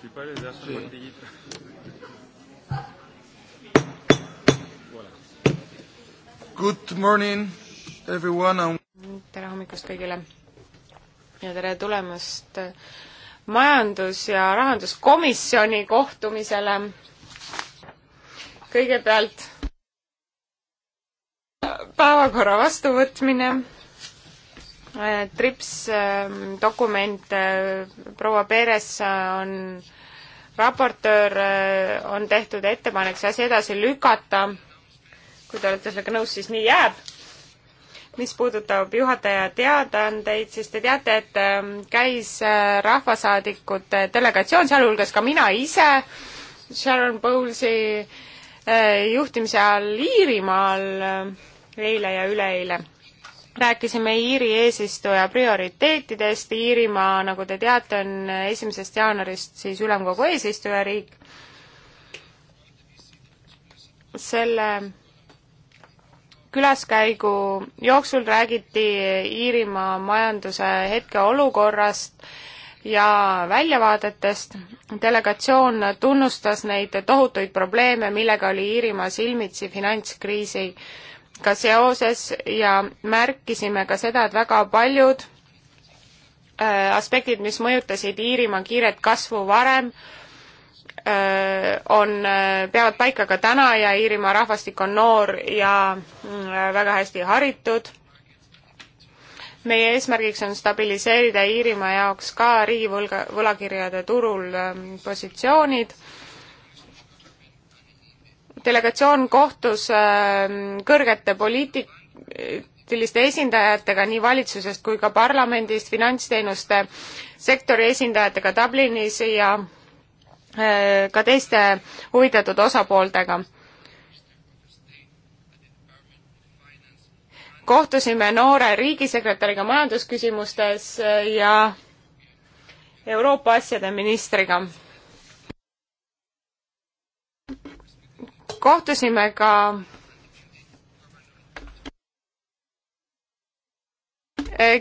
suis pas les arches de Philippe. Voilà. Good morning everyone on.... tere hommikust kõigile ja tere tulemast eh, majandus- ja rahanduskomisjoni kohtumisele. kõigepealt päevakorra vastuvõtmine Äh, TRIPS ähm, dokument, äh, proua Peres äh, on raportöör, on tehtud ettepanek see asi edasi lükata. kui te olete sellega nõus, siis nii jääb mis puudutab juhataja teadaandeid, siis te teate, et ähm, käis rahvasaadikute delegatsioon, sealhulgas ka mina ise, Sharon Bowlesi juhtimise all Iirimaal eile ja üleeile rääkisime Iiri eesistuja prioriteetidest, Iirimaa, nagu te teate, on esimesest jaanuarist siis ülemkogu eesistujariik. selle külaskäigu jooksul räägiti Iirimaa majanduse hetkeolukorrast ja väljavaadetest. delegatsioon tunnustas neid tohutuid probleeme, millega oli Iirimaa silmitsi finantskriisi ka seoses ja märkisime ka seda, et väga paljud äh, aspektid, mis mõjutasid Iirimaa kiiret kasvu varem, äh, on, äh, peavad paika ka täna ja Iirimaa rahvastik on noor ja mm, väga hästi haritud meie eesmärgiks on stabiliseerida Iirimaa jaoks ka riigivõlga, võlakirjade turul ähm, positsioonid delegatsioon kohtus ähm, kõrgete poliitiliste esindajatega nii valitsusest kui ka parlamendist, finantsteenuste sektori esindajatega Dublinis ja äh, ka teiste huvitatud osapooltega. kohtusime noore riigisekretäriga majandusküsimustes ja Euroopa asjade ministriga kohtusime ka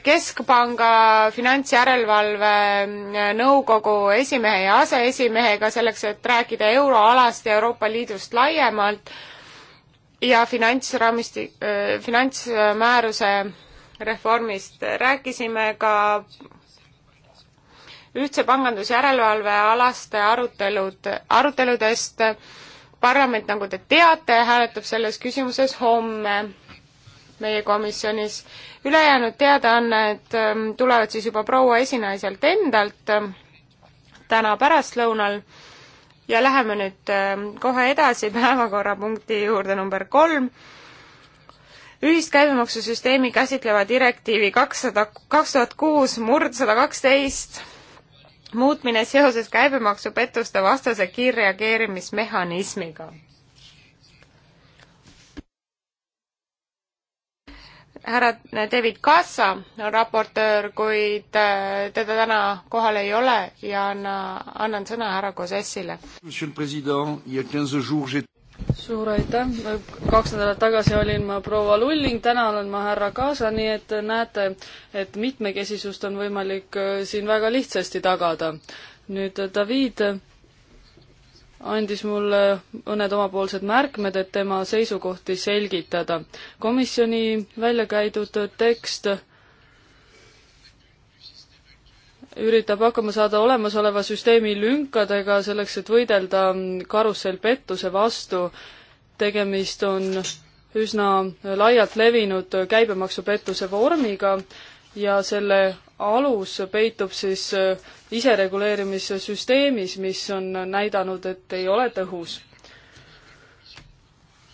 keskpanga finantsjärelevalve nõukogu esimehe ja aseesimehega selleks, et rääkida euroalast ja Euroopa Liidust laiemalt ja finantsraamisti-, finantsmääruse reformist. rääkisime ka ühtse pangandusjärelevalve alaste arutelud, aruteludest parlament, nagu te teate, hääletab selles küsimuses homme meie komisjonis. ülejäänud teadaanned ähm, tulevad siis juba proua esinaiselt endalt ähm, täna pärastlõunal ja läheme nüüd ähm, kohe edasi päevakorrapunkti juurde number kolm ühist käibemaksusüsteemi käsitleva direktiivi kakssada, kaks tuhat kuus murd sada kaksteist muutmine seoses käibemaksupettuste vastase kiirreageerimismehhanismiga. härra David Kassa on raportöör, kuid äh, teda täna kohal ei ole ja anna, annan sõna härra Kosessile suur aitäh, kaks nädalat tagasi olin ma proua Lulling, täna olen ma härra Kaasa, nii et näete, et mitmekesisust on võimalik äh, siin väga lihtsasti tagada. nüüd äh, David andis mulle mõned omapoolsed märkmed, et tema seisukohti selgitada. komisjoni välja käidud tekst üritab hakkama saada olemasoleva süsteemi lünkadega selleks, et võidelda karussellpettuse vastu. tegemist on üsna laialt levinud käibemaksupettuse vormiga ja selle alus peitub siis isereguleerimissüsteemis, mis on näidanud, et ei ole tõhus.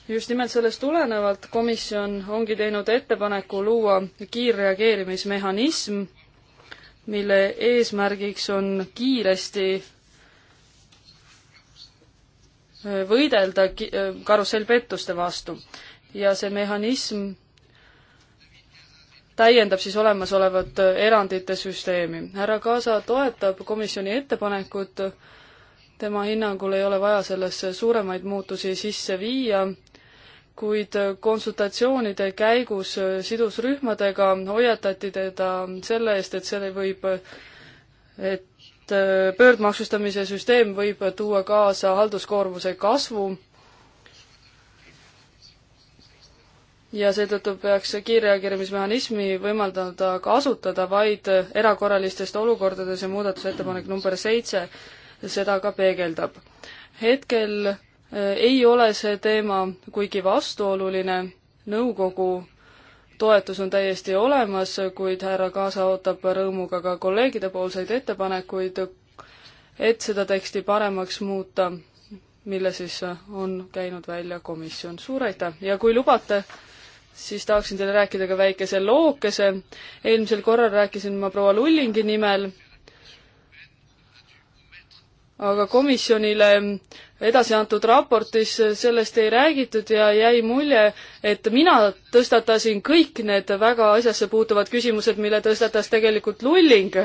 just nimelt sellest tulenevalt komisjon ongi teinud ettepaneku luua kiirreageerimismehhanism mille eesmärgiks on kiiresti äh, võidelda äh, karussellpettuste vastu. ja see mehhanism täiendab siis olemasolevat äh, erandite süsteemi. härra Kaasa toetab komisjoni ettepanekut, tema hinnangul ei ole vaja sellesse suuremaid muutusi sisse viia, kuid konsultatsioonide käigus sidusrühmadega hoiatati teda selle eest, et selle võib, et äh, pöördmaksustamise süsteem võib tuua kaasa halduskoormuse kasvu ja seetõttu peaks kiirreageerimismehhanismi võimaldada kasutada vaid erakorralistest olukordades ja muudatusettepanek number seitse seda ka peegeldab. hetkel Äh, ei ole see teema kuigi vastuoluline, nõukogu toetus on täiesti olemas, kuid härra Kaasa ootab rõõmuga ka kolleegide poolseid ettepanekuid, et seda teksti paremaks muuta, mille siis on käinud välja komisjon. suur aitäh ja kui lubate, siis tahaksin teile rääkida ka väikese lookese. eelmisel korral rääkisin ma proua Lullingi nimel aga komisjonile edasi antud raportis sellest ei räägitud ja jäi mulje, et mina tõstatasin kõik need väga asjasse puutuvad küsimused, mille tõstatas tegelikult Lulling.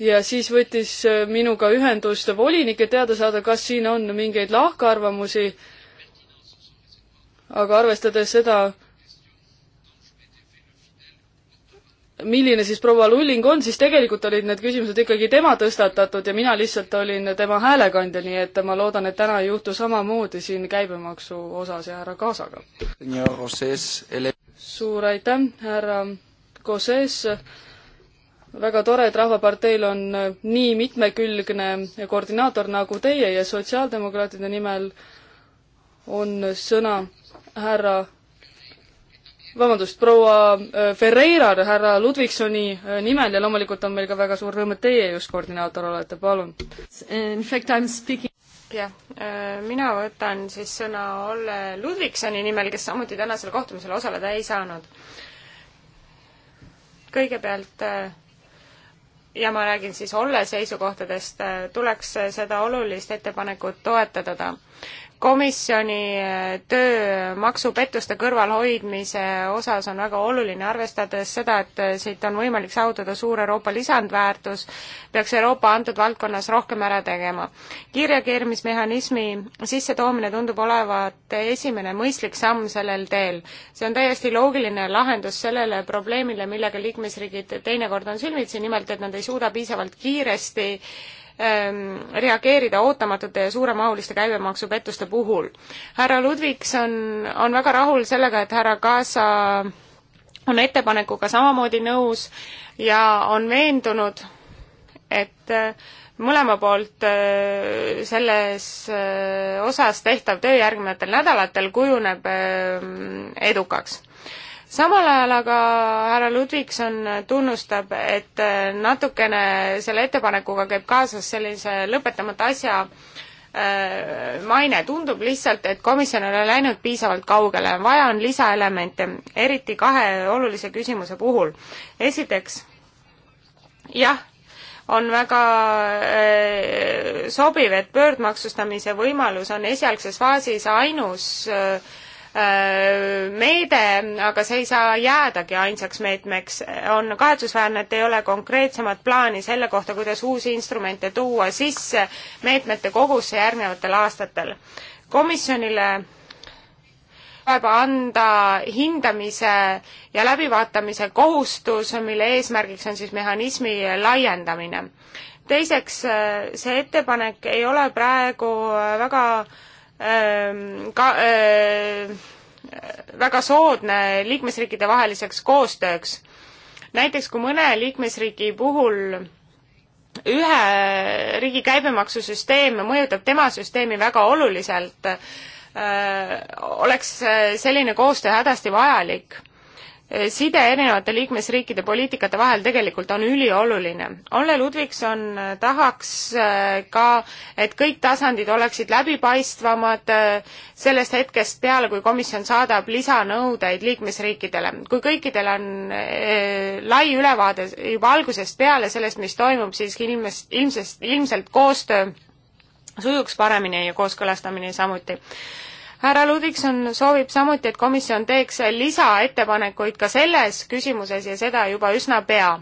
ja siis võttis minuga ühendust volinik, et teada saada, kas siin on mingeid lahkarvamusi. aga arvestades seda, milline siis proua Lulling on, siis tegelikult olid need küsimused ikkagi tema tõstatatud ja mina lihtsalt olin tema häälekandja, nii et ma loodan, et täna ei juhtu samamoodi siin käibemaksu osas ja härra Kaasaga. suur aitäh, härra Koses, väga tore, et Rahvaparteil on nii mitmekülgne koordinaator nagu teie ja sotsiaaldemokraatide nimel on sõna härra vabandust, proua äh, Ferreiral härra Ludvigsoni äh, nimel ja loomulikult on meil ka väga suur rõõm, et teie just koordinaator olete, palun. In fact I am speaking jah, äh, mina võtan siis sõna Olle Ludvigsoni nimel, kes samuti tänasel kohtumisel osaleda ei saanud. kõigepealt ja ma räägin siis Olle seisukohtadest, tuleks seda olulist ettepanekut toetada komisjoni eh, töö maksupettuste kõrvalhoidmise osas on väga oluline, arvestades seda, et eh, siit on võimalik saavutada suur Euroopa lisandväärtus, peaks Euroopa antud valdkonnas rohkem ära tegema. kiirreageerimismehhanismi sissetoomine tundub olevat esimene mõistlik samm sellel teel. see on täiesti loogiline lahendus sellele probleemile, millega liikmesriigid teinekord on silmitsi, nimelt et nad ei suuda piisavalt kiiresti Ähm, reageerida ootamatute ja suuremahuliste käibemaksupettuste puhul. härra Ludvigson on väga rahul sellega, et härra Kaasa on ettepanekuga samamoodi nõus ja on veendunud, et äh, mõlema poolt äh, selles äh, osas tehtav töö järgnevatel nädalatel kujuneb edukaks samal ajal aga härra Ludvigson tunnustab, et natukene selle ettepanekuga käib kaasas sellise lõpetamata asja äh, maine, tundub lihtsalt, et komisjon ei ole läinud piisavalt kaugele, vaja on lisaelemente, eriti kahe olulise küsimuse puhul. esiteks, jah, on väga äh, sobiv, et pöördmaksustamise võimalus on esialgses faasis ainus äh, Äh, meede, aga see ei saa jäädagi ainsaks meetmeks. on kahetsusväärne, et ei ole konkreetsemat plaani selle kohta, kuidas uusi instrumente tuua sisse meetmete kogusse järgnevatel aastatel. komisjonile tuleb anda hindamise ja läbivaatamise kohustus, mille eesmärgiks on siis mehhanismi laiendamine. teiseks, äh, see ettepanek ei ole praegu väga äh, Ehm, ka ehm, väga soodne liikmesriikide vaheliseks koostööks. näiteks kui mõne liikmesriigi puhul ühe riigi käibemaksusüsteem mõjutab tema süsteemi väga oluliselt, ehm, oleks eh, selline koostöö hädasti vajalik Eh, side erinevate liikmesriikide poliitikate vahel tegelikult on ülioluline. Olle Ludvigson eh, tahaks eh, ka, et kõik tasandid oleksid läbipaistvamad sellest hetkest peale, kui komisjon saadab lisanõudeid liikmesriikidele. kui kõikidel on lai ülevaade juba algusest peale sellest, mis toimub, siis inimest, ilmsest, ilmselt koostöö sujuks paremini ja kooskõlastamine samuti härra Ludvigson soovib samuti, et komisjon teeks lisaettepanekuid ka selles küsimuses ja seda juba üsna pea.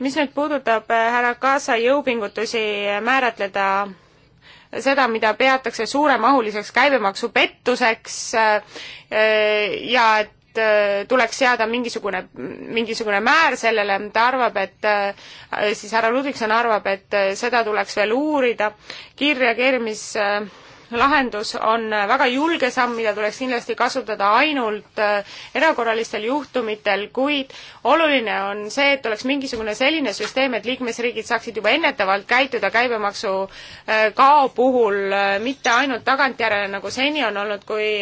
mis nüüd puudutab eh, härra Kaasa jõupingutusi määratleda seda, mida peatakse suuremahuliseks käibemaksupettuseks eh, eh, ja et tuleks seada mingisugune, mingisugune määr sellele, ta arvab, et siis härra Ludvigson arvab, et seda tuleks veel uurida. kiirreageerimis lahendus on väga julge samm, mida tuleks kindlasti kasutada ainult äh, erakorralistel juhtumitel, kuid oluline on see, et oleks mingisugune selline süsteem, et liikmesriigid saaksid juba ennetavalt käituda käibemaksu äh, kao puhul, äh, mitte ainult tagantjärele, nagu seni on olnud, kui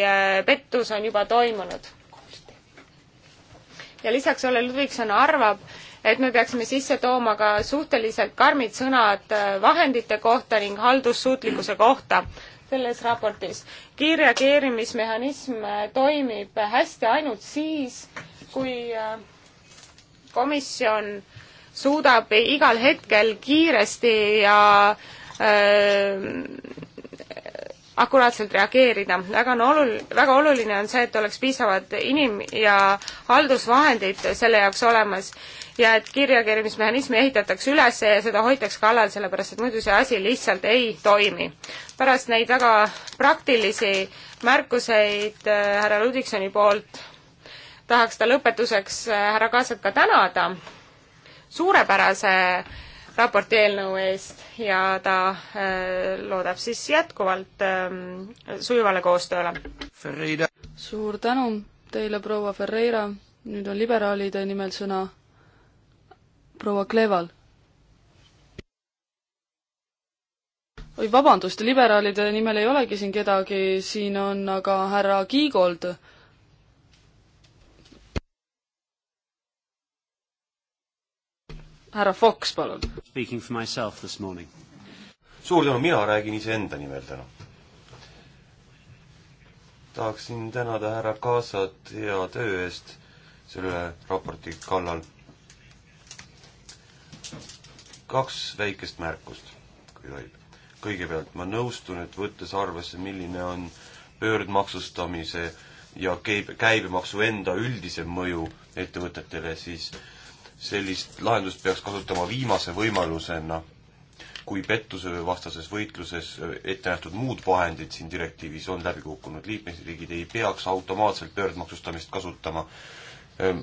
pettus on juba toimunud. ja lisaks Olle Ludvigson arvab, et me peaksime sisse tooma ka suhteliselt karmid sõnad vahendite kohta ning haldussuutlikkuse kohta selles raportis. kiirreageerimismehhanism äh, toimib hästi ainult siis, kui äh, komisjon suudab igal hetkel kiiresti ja öö, äh, akuraatselt reageerida. väga on olul-, väga oluline on see, et oleks piisavad inim- ja haldusvahendid selle jaoks olemas ja et kiirreageerimismehhanismi ehitataks üles ja seda hoitaks ka alal, sellepärast et muidu see asi lihtsalt ei toimi. pärast neid väga praktilisi märkuseid äh, härra Ludiksoni poolt tahaks ta lõpetuseks äh, härra Kaasat ka tänada suurepärase raporti eelnõu eest ja ta äh, loodab siis jätkuvalt ähm, sujuvale koostööle. suur tänu teile, proua Ferreira, nüüd on liberaalide nimel sõna proua Kleval. oi, vabandust, liberaalide nimel ei olegi siin kedagi, siin on aga härra Kiigold härra Fox, palun. suur tänu, mina räägin iseenda nimel täna. tahaksin tänada härra Kaasat hea töö eest selle raporti kallal. kaks väikest märkust, kui tohib. kõigepealt ma nõustun, et võttes arvesse, milline on pöördmaksustamise ja käibemaksu enda üldisem mõju ettevõtetele, siis äh, sellist lahendust peaks kasutama viimase võimalusena, kui pettuse või vastases võitluses äh, ette nähtud muud vahendid siin direktiivis on läbi kukkunud. liikmesriigid ei peaks automaatselt pöördmaksustamist kasutama ähm,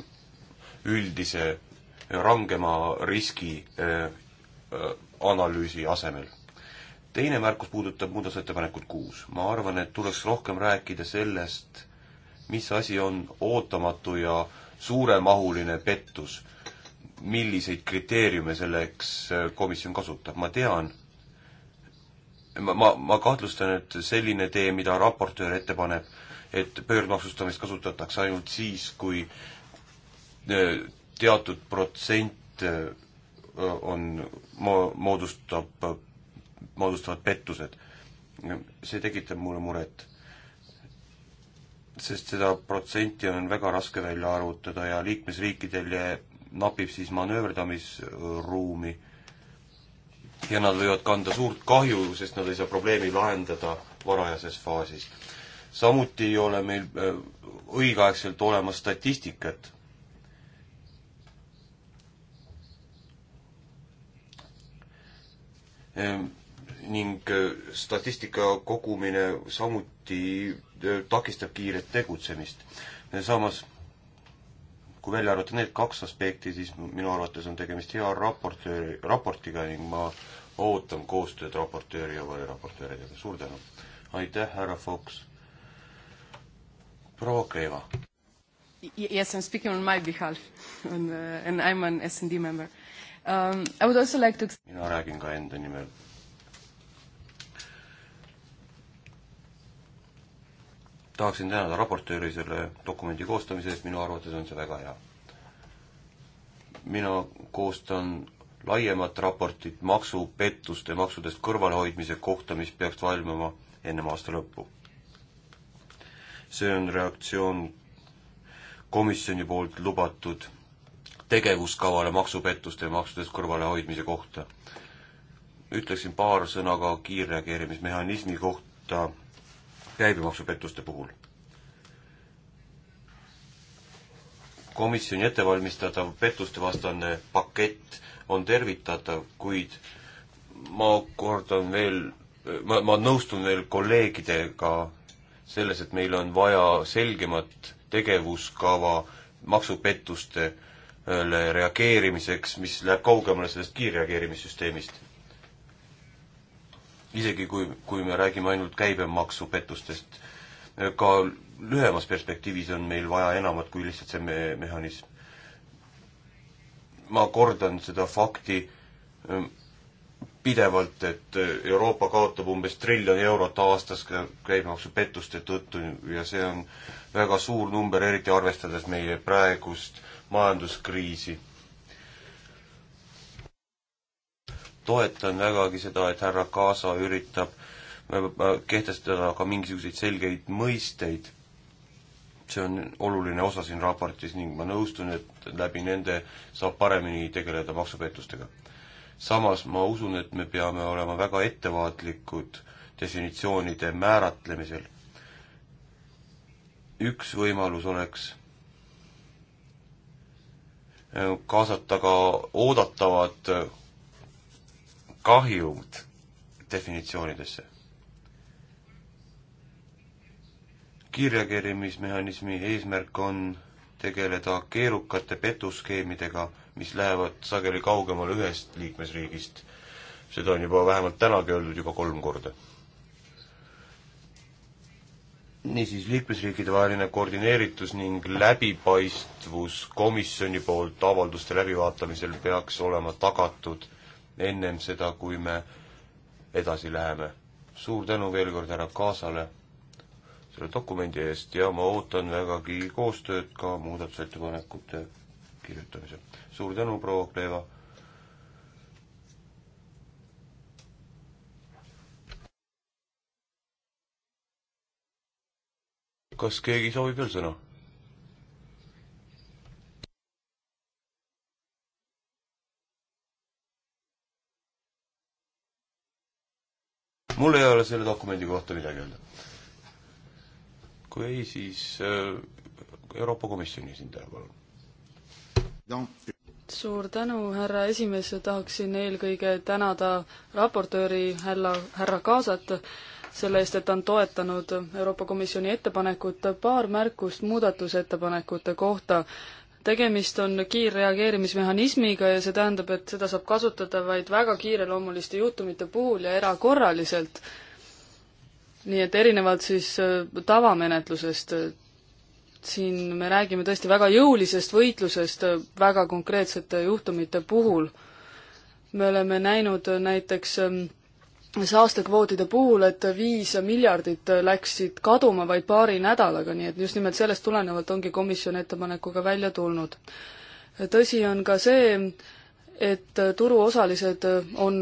üldise äh, rangema riski äh, analüüsi asemel. teine märkus puudutab muudatusettepanekut kuus. ma arvan, et tuleks rohkem rääkida sellest, mis asi on ootamatu ja suuremahuline pettus milliseid kriteeriume selleks äh, komisjon kasutab, ma tean, ma, ma, ma kahtlustan, et selline tee, mida raportöör ette paneb, et pöördmaksustamist kasutatakse ainult siis, kui äh, teatud protsent äh, on, moodustab, moodustavad pettused. see tekitab mulle muret. sest seda protsenti on väga raske välja arvutada ja liikmesriikidel jääb napib siis manööverdamisruumi ja nad võivad kanda suurt kahju, sest nad ei saa probleemi lahendada varajases faasis. samuti ei ole meil äh, õigeaegselt olemas statistikat. Ehm, ning äh, statistika kogumine samuti äh, takistab kiiret tegutsemist. samas kui välja arvata need kaks aspekti, siis minu arvates on tegemist hea raportööri, raportiga ning ma ootan koostööd raportööri ja variraportööridega, suur tänu! aitäh, härra Fox! proua Kreeva. Yes, I am speaking on my behalf and, uh, and I am an SND member um,. I would also like to mina räägin ka enda nimel tahaksin tänada raportööri selle dokumendi koostamise eest, minu arvates on see väga hea. mina koostan laiemat raportit maksupettuste, maksudest kõrvalehoidmise kohta, mis peaks valmima ennem aasta lõppu. see on reaktsioon komisjoni poolt lubatud tegevuskavale maksupettuste ja maksudest kõrvalehoidmise kohta. ütleksin paar sõna ka kiirreageerimismehhanismi kohta käibemaksupettuste puhul. komisjoni ettevalmistatav pettustevastane pakett on tervitatav, kuid ma kordan veel, ma, ma nõustun veel kolleegidega selles, et meil on vaja selgemat tegevuskava maksupettustele äh, reageerimiseks, mis läheb kaugemale sellest kiirreageerimissüsteemist isegi kui, kui me räägime ainult käibemaksupettustest, ka lühemas perspektiivis on meil vaja enamat kui lihtsalt see me-, mehhanism. ma kordan seda fakti ähm, pidevalt, et äh, Euroopa kaotab umbes triljon eurot aastas käibemaksupettuste tõttu ja see on väga suur number, eriti arvestades meie praegust majanduskriisi toetan vägagi seda, et härra Kaasa üritab kehtestada ka mingisuguseid selgeid mõisteid. see on oluline osa siin raportis ning ma nõustun, et läbi nende saab paremini tegeleda maksupettustega. samas ma usun, et me peame olema väga ettevaatlikud definitsioonide määratlemisel. üks võimalus oleks äh, kaasata ka oodatavad kahjud definitsioonidesse. kiirreageerimismehhanismi eesmärk on tegeleda keerukate petuskeemidega, mis lähevad sageli kaugemale ühest liikmesriigist. seda on juba vähemalt tänagi öeldud juba kolm korda. niisiis, liikmesriikide vaheline koordineeritus ning läbipaistvus komisjoni poolt avalduste läbivaatamisel peaks olema tagatud ennem seda, kui me edasi läheme. suur tänu veel kord härra Kaasale selle dokumendi eest ja ma ootan vägagi koostööd ka muudatusettepanekute kirjutamisel. suur tänu, proua Kleeva. kas keegi soovib veel sõna? mul ei ole selle dokumendi kohta midagi öelda. kui ei, siis äh, Euroopa Komisjoni esindaja, palun. suur tänu, härra esimees, tahaksin eelkõige tänada raportööri härra, härra Kaasat selle eest, et ta on toetanud Euroopa Komisjoni ettepanekut. paar märkust muudatusettepanekute kohta tegemist on kiirreageerimismehhanismiga ja see tähendab, et seda saab kasutada vaid väga kiireloomuliste juhtumite puhul ja erakorraliselt. nii et erinevalt siis äh, tavamenetlusest, äh, siin me räägime tõesti väga jõulisest võitlusest äh, väga konkreetsete juhtumite puhul. me oleme näinud näiteks ähm, saastekvootide puhul, et viis miljardit läksid kaduma vaid paari nädalaga, nii et just nimelt sellest tulenevalt ongi komisjon ettepanekuga välja tulnud. tõsi on ka see, et turuosalised on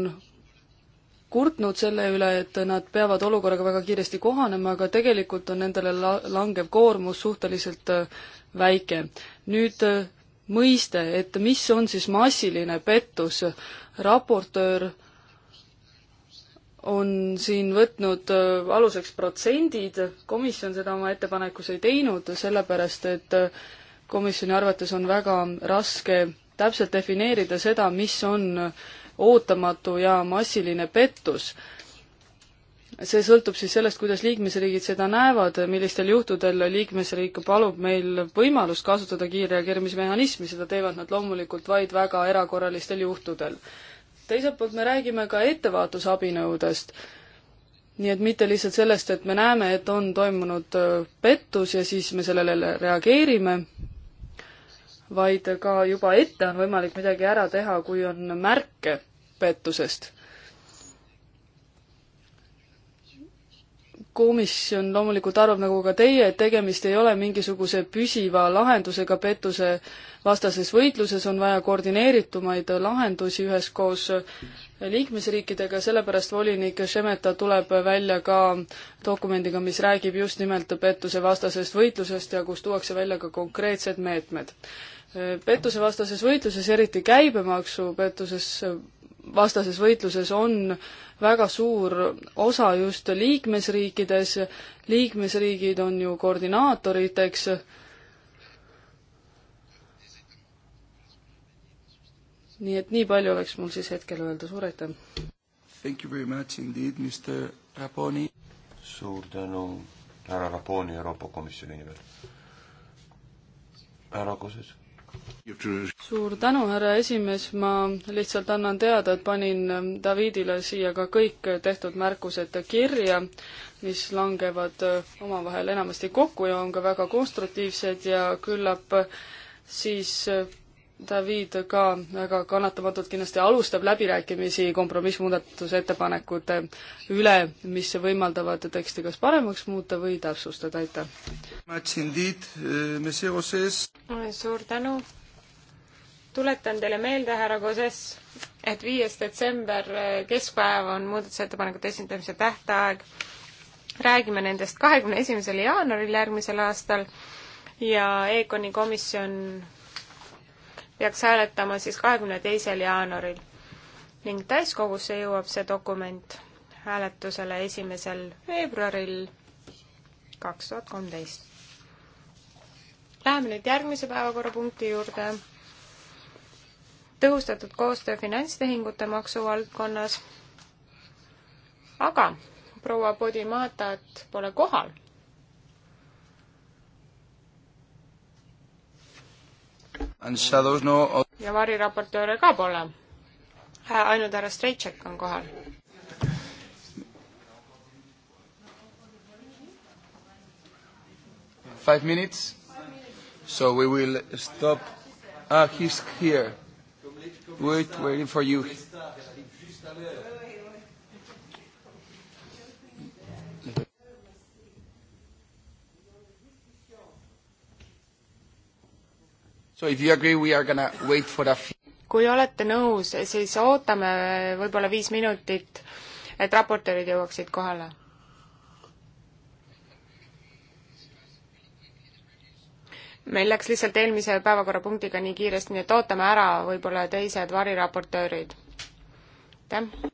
kurtnud selle üle, et nad peavad olukorraga väga kiiresti kohanema, aga tegelikult on nendele la-, langev koormus suhteliselt väike. nüüd mõiste, et mis on siis massiline pettus, raportöör äh, on siin võtnud äh, aluseks protsendid, komisjon seda oma ettepanekus ei teinud, sellepärast et äh, komisjoni arvates on väga raske täpselt defineerida seda, mis on ootamatu ja massiline pettus. see sõltub siis sellest, kuidas liikmesriigid seda näevad, millistel juhtudel liikmesriik palub meil võimalust kasutada kiirreageerimismehhanismi, seda teevad nad loomulikult vaid väga erakorralistel juhtudel teiselt poolt me räägime ka ettevaatusabinõudest. nii et mitte lihtsalt sellest, et me näeme, et on toimunud äh, pettus ja siis me sellele reageerime, vaid ka juba ette on võimalik midagi ära teha, kui on märke pettusest komisjon loomulikult arvab, nagu ka teie, et tegemist ei ole mingisuguse püsiva lahendusega pettuse vastases võitluses, on vaja koordineeritumaid lahendusi üheskoos liikmesriikidega, sellepärast volinik Šemeta tuleb välja ka dokumendiga, mis räägib just nimelt pettuse vastasest võitlusest ja kus tuuakse välja ka konkreetsed meetmed. pettusevastases võitluses, eriti käibemaksupettuses vastases võitluses on väga suur osa just liikmesriikides, liikmesriigid on ju koordinaatoriteks, nii et nii palju oleks mul siis hetkel öelda, suur aitäh! Thank you very much indeed, Mr Raponi! suur tänu härra Raponi Euroopa Komisjoni nimel! härra Koses? suur tänu, härra esimees, ma lihtsalt annan teada, et panin Davidile siia ka kõik tehtud märkused kirja, mis langevad omavahel enamasti kokku ja on ka väga konstruktiivsed ja küllap siis David ka väga kannatamatult kindlasti alustab läbirääkimisi kompromissmuudatusettepanekute üle, mis võimaldavad teksti kas paremaks muuta või täpsustada, aitäh! Eh, suur tänu, tuletan teile meelde, härra Koses, et viies detsember eh, keskpäev on muudatusettepanekute esindamise tähtaeg. räägime nendest kahekümne esimesel jaanuaril järgmisel aastal ja EKONi komisjon peaks hääletama siis kahekümne teisel jaanuaril ning täiskogusse jõuab see dokument hääletusele esimesel veebruaril kaks tuhat kolmteist. Läheme nüüd järgmise päevakorrapunkti juurde tõhustatud koostöö finantstehingute maksu valdkonnas. aga proua Podimatat pole kohal. ja variraportööre ka pole. ainult härra Strejček on kohal. Five minutes. So we will stop. Ah, he's here. Wait, waiting for you. So if you agree, we are gonna wait for a few kui olete nõus, siis ootame võib-olla viis minutit, et raportöörid jõuaksid kohale meil läks lihtsalt eelmise päevakorrapunktiga nii kiiresti, nii et ootame ära võib-olla teised variraportöörid. aitäh!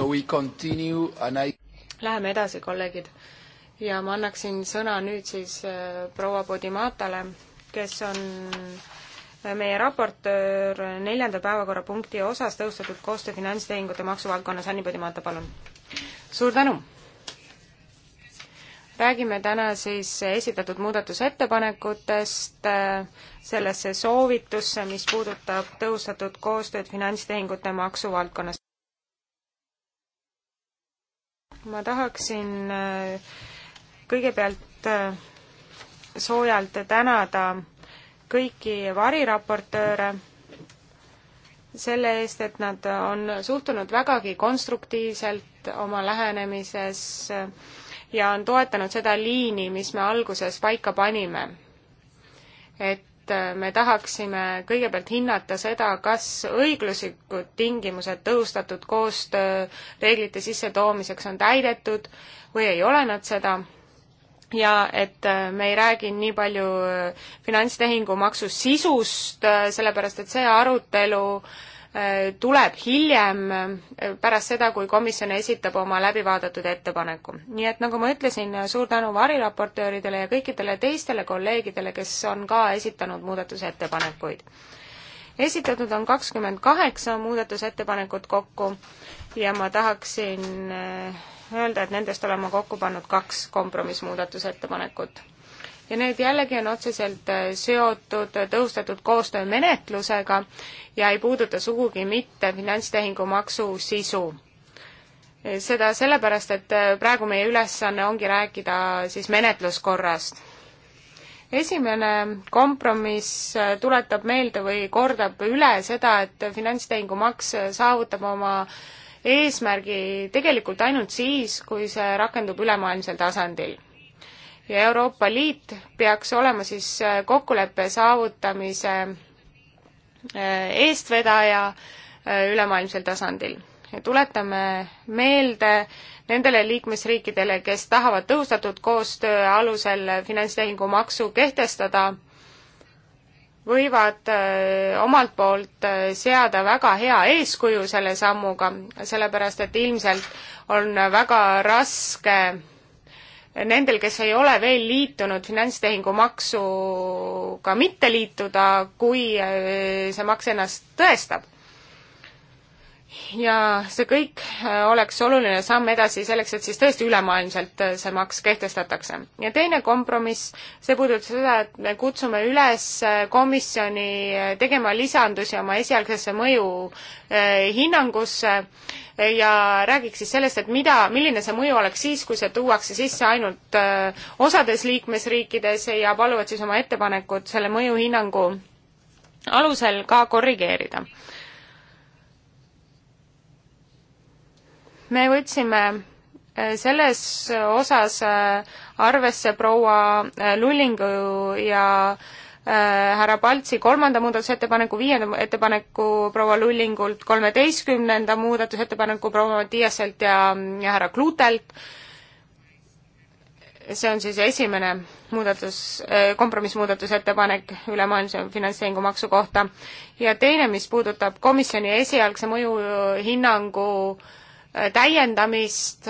So we continue and I Läheme edasi, kolleegid. ja ma annaksin sõna nüüd siis äh, proua Podimatale, kes on äh, meie raportöör neljanda päevakorrapunkti osas tõustatud koostöö finantstehingute maksuvaldkonnas. Anni Podimata, palun. suur tänu! räägime täna siis esitatud muudatusettepanekutest äh, sellesse soovitusse, mis puudutab tõustatud koostööd finantstehingute maksuvaldkonnas ma tahaksin äh, kõigepealt äh, soojalt tänada kõiki variraportööre selle eest, et nad on suhtunud vägagi konstruktiivselt oma lähenemises ja on toetanud seda liini, mis me alguses paika panime. et et äh, me tahaksime kõigepealt hinnata seda, kas õigluslikud tingimused tõhustatud koostöö reeglite sissetoomiseks on täidetud või ei ole nad seda ja et äh, me ei räägi nii palju äh, finantstehingumaksu sisust, sellepärast et see arutelu äh, Äh, tuleb hiljem äh, pärast seda, kui komisjon esitab oma läbivaadatud ettepaneku. nii et nagu ma ütlesin, suur tänu variraportööridele ja kõikidele teistele kolleegidele, kes on ka esitanud muudatusettepanekuid. esitatud on kakskümmend kaheksa muudatusettepanekut kokku ja ma tahaksin äh, öelda, et nendest olen ma kokku pannud kaks kompromissmuudatusettepanekut ja need jällegi on otseselt äh, seotud tõhustatud koostöömenetlusega ja ei puuduta sugugi mitte finantstehingumaksu sisu. Äh, seda sellepärast, et äh, praegu meie ülesanne ongi rääkida siis menetluskorrast esimene kompromiss tuletab meelde või kordab üle seda, et finantstehingumaks saavutab oma eesmärgi tegelikult ainult siis, kui see rakendub ülemaailmsel tasandil ja Euroopa Liit peaks olema siis äh, kokkuleppe saavutamise äh, eestvedaja äh, ülemaailmsel tasandil. tuletame meelde nendele liikmesriikidele, kes tahavad tõhustatud koostöö alusel finantstehingumaksu kehtestada, võivad omalt poolt seada väga hea eeskuju selle sammuga, sellepärast et ilmselt on väga raske nendel, kes ei ole veel liitunud finantstehingumaksuga mitte liituda, kui äh, see maks ennast tõestab ja see kõik äh, oleks oluline samm edasi selleks, et siis tõesti ülemaailmselt äh, see maks kehtestatakse. ja teine kompromiss, see puudutab seda, et me kutsume üles äh, komisjoni tegema lisandusi oma esialgsesse mõjuhinnangusse ja räägiks siis sellest, et mida, milline see mõju oleks siis, kui see tuuakse sisse ainult osades liikmesriikides ja paluvad siis oma ettepanekud selle mõjuhinnangu alusel ka korrigeerida me võtsime äh, selles osas äh, arvesse proua äh, Lullingu ja härra Paltsi kolmanda muudatusettepaneku, viienda ettepaneku proua Lullingult, kolmeteistkümnenda muudatusettepaneku proua Mattiaselt ja, ja härra Klutelt. see on siis esimene muudatus, kompromissmuudatusettepanek ülemaailmse finantstehingumaksu kohta. ja teine, mis puudutab komisjoni esialgse mõjuhinnangu äh, Äh, täiendamist.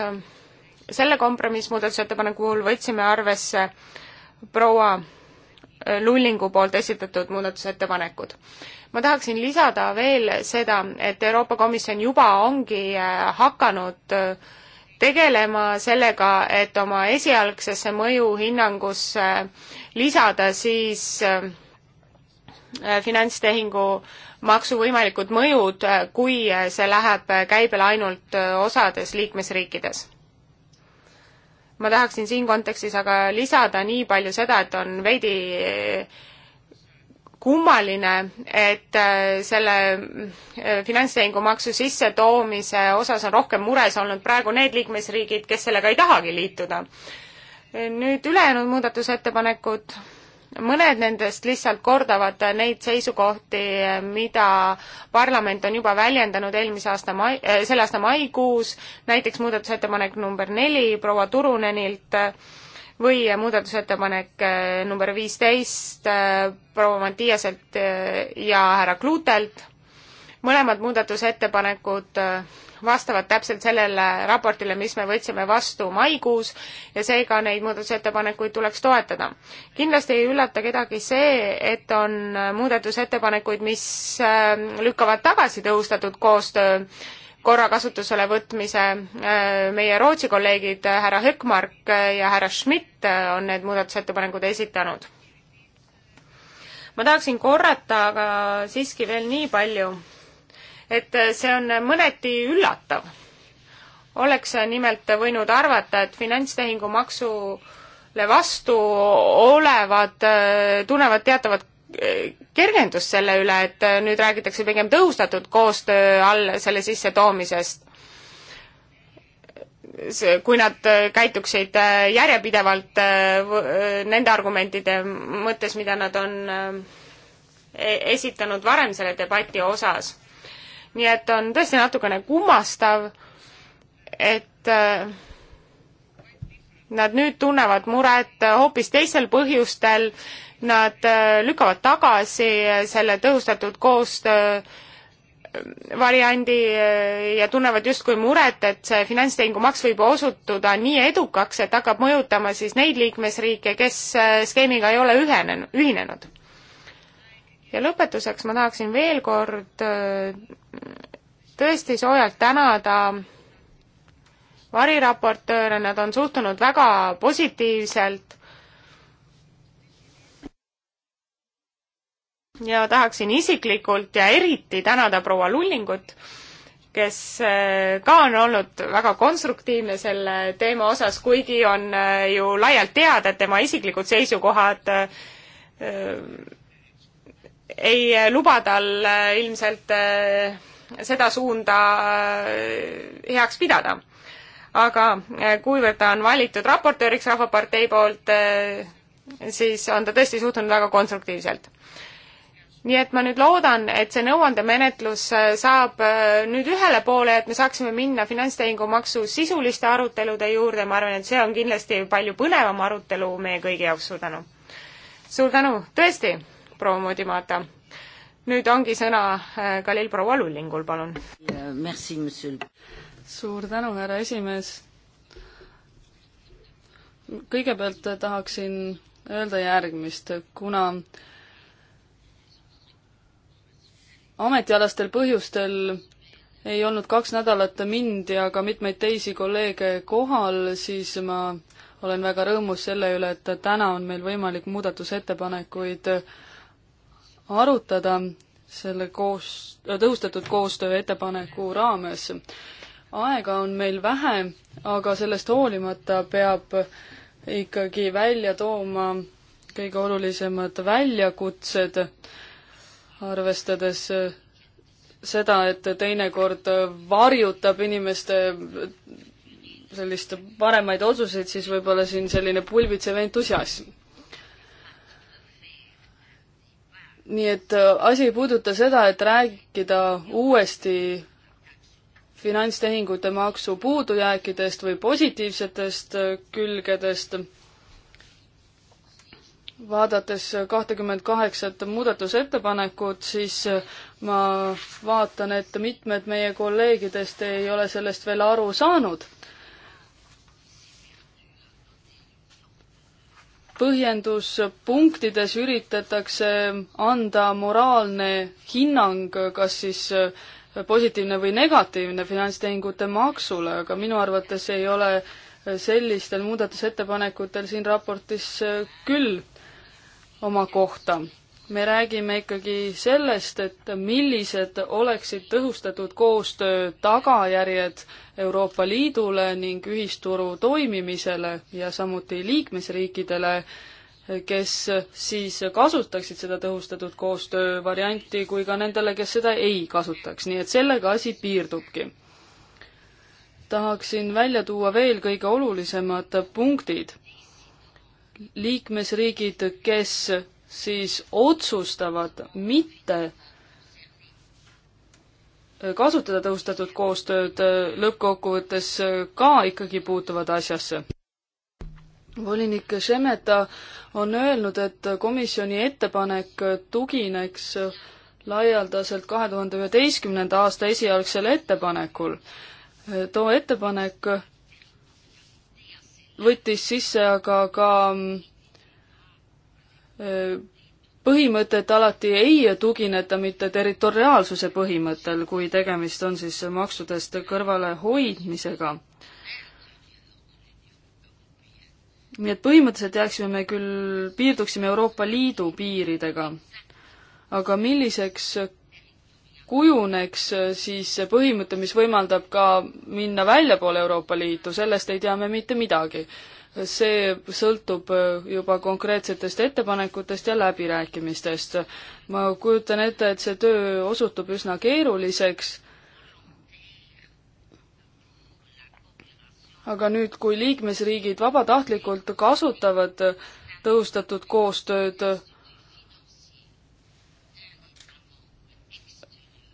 selle kompromissmuudatusettepaneku puhul võtsime arvesse proua äh, Lullingu poolt esitatud muudatusettepanekud. ma tahaksin lisada veel seda, et Euroopa Komisjon juba ongi äh, hakanud tegelema sellega, et oma esialgsesse mõjuhinnangusse lisada siis äh, Äh, finantstehingu maksu võimalikud mõjud, äh, kui äh, see läheb käibele ainult osades liikmesriikides. ma tahaksin siin kontekstis aga lisada nii palju seda, et on veidi kummaline, et selle finantstehingu maksu sissetoomise osas on rohkem mures olnud praegu need liikmesriigid, kes sellega ei tahagi liituda. nüüd ülejäänud muudatusettepanekud mõned nendest lihtsalt kordavad neid seisukohti, mida parlament on juba väljendanud eelmise aasta mai, äh, selle aasta maikuus, näiteks muudatusettepanek number neli proua Turunenilt või muudatusettepanek äh, number viisteist äh, proua Mattiaselt ja härra Klutelt. mõlemad muudatusettepanekud vastavad täpselt sellele raportile, mis me võtsime vastu maikuus ja seega neid muudatusettepanekuid tuleks toetada. kindlasti ei üllata kedagi see, et on muudatusettepanekuid, mis äh, lükkavad tagasi tõhustatud koostöö korra kasutusele võtmise. Äh, meie Rootsi kolleegid äh, härra Hökmark ja härra Schmidt on need muudatusettepanekud esitanud. ma tahaksin korrata aga siiski veel nii palju, et äh, see on mõneti üllatav. oleks äh, nimelt äh, võinud arvata, et finantstehingumaksule vastu olevad tunnevad teatavat kergendust selle üle, et nüüd räägitakse pigem tõhustatud koostöö all selle sissetoomisest. kui nad käituksid järjepidevalt nende argumentide mõttes, mida nad on e-, esitanud varem selle debati osas nii et on tõesti natukene kummastav, et äh, nad nüüd tunnevad muret äh, hoopis teistel põhjustel, nad äh, lükkavad tagasi selle tõhustatud koostöö variandi ja tunnevad justkui muret, et see finantstehingumaks võib osutuda nii edukaks, et hakkab mõjutama siis neid liikmesriike, kes skeemiga ei ole ühenenud, ühinenud ja lõpetuseks ma tahaksin veel kord äh, tõesti soojalt tänada variraportööre, nad on suhtunud väga positiivselt. ja tahaksin isiklikult ja eriti tänada proua Lullingut, kes äh, ka on olnud väga konstruktiivne selle teema osas, kuigi on äh, ju laialt teada, et tema isiklikud seisukohad öö, ei äh, luba tal äh, ilmselt äh, seda suunda heaks pidada. aga kuivõrd ta on valitud raportööriks Rahvapartei poolt, siis on ta tõesti suhtunud väga konstruktiivselt nii et ma nüüd loodan, et see nõuandemenetlus saab nüüd ühele poole, et me saaksime minna finantstehingumaksu sisuliste arutelude juurde, ma arvan, et see on kindlasti palju põnevam arutelu meie kõigi jaoks, suur tänu! suur tänu, tõesti, proua Modimata. nüüd ongi sõna Galil äh, proua Lullingul, palun. suur tänu, härra esimees. kõigepealt tahaksin öelda järgmist, kuna ametialastel põhjustel ei olnud kaks nädalat mind ja ka mitmeid teisi kolleege kohal, siis ma olen väga rõõmus selle üle, et täna on meil võimalik muudatusettepanekuid arutada selle koos, tõhustatud koostöö ettepaneku raames. aega on meil vähe, aga sellest hoolimata peab ikkagi välja tooma kõige olulisemad väljakutsed, arvestades seda, et teinekord varjutab inimeste sellist paremaid otsuseid, siis võib-olla siin selline pulbitsev entusiasm. nii et äh, asi ei puuduta seda, et rääkida uuesti finantstehingute maksu puudujääkidest või positiivsetest äh, külgedest. vaadates kahtekümmet kaheksat muudatusettepanekut, siis äh, ma vaatan, et mitmed meie kolleegidest ei ole sellest veel aru saanud põhjenduspunktides üritatakse anda moraalne hinnang, kas siis äh, positiivne või negatiivne finantstehingute maksule, aga minu arvates ei ole äh, sellistel muudatusettepanekutel siin raportis äh, küll oma kohta me räägime ikkagi sellest, et millised oleksid tõhustatud koostöö tagajärjed Euroopa Liidule ning ühisturu toimimisele ja samuti liikmesriikidele, kes siis kasutaksid seda tõhustatud koostöö varianti, kui ka nendele, kes seda ei kasutaks, nii et sellega asi piirdubki. tahaksin välja tuua veel kõige olulisemad punktid. liikmesriigid, kes siis otsustavad mitte kasutada tõhustatud koostööd, lõppkokkuvõttes ka ikkagi puutuvad asjasse. volinik Šemeta on öelnud, et komisjoni ettepanek tugineks laialdaselt kahe tuhande üheteistkümnenda aasta esialgsel ettepanekul. too ettepanek võttis sisse aga ka, ka mm, põhimõtet alati ei tugineta mitte territoriaalsuse põhimõttel, kui tegemist on siis maksudest kõrvalehoidmisega. nii et põhimõtteliselt jääksime me küll, piirduksime Euroopa Liidu piiridega. aga milliseks kujuneks siis see põhimõte, mis võimaldab ka minna väljapoole Euroopa Liitu, sellest ei tea me mitte midagi see sõltub äh, juba konkreetsetest ettepanekutest ja läbirääkimistest. ma kujutan ette, et see töö osutub üsna keeruliseks. aga nüüd, kui liikmesriigid vabatahtlikult kasutavad tõhustatud koostööd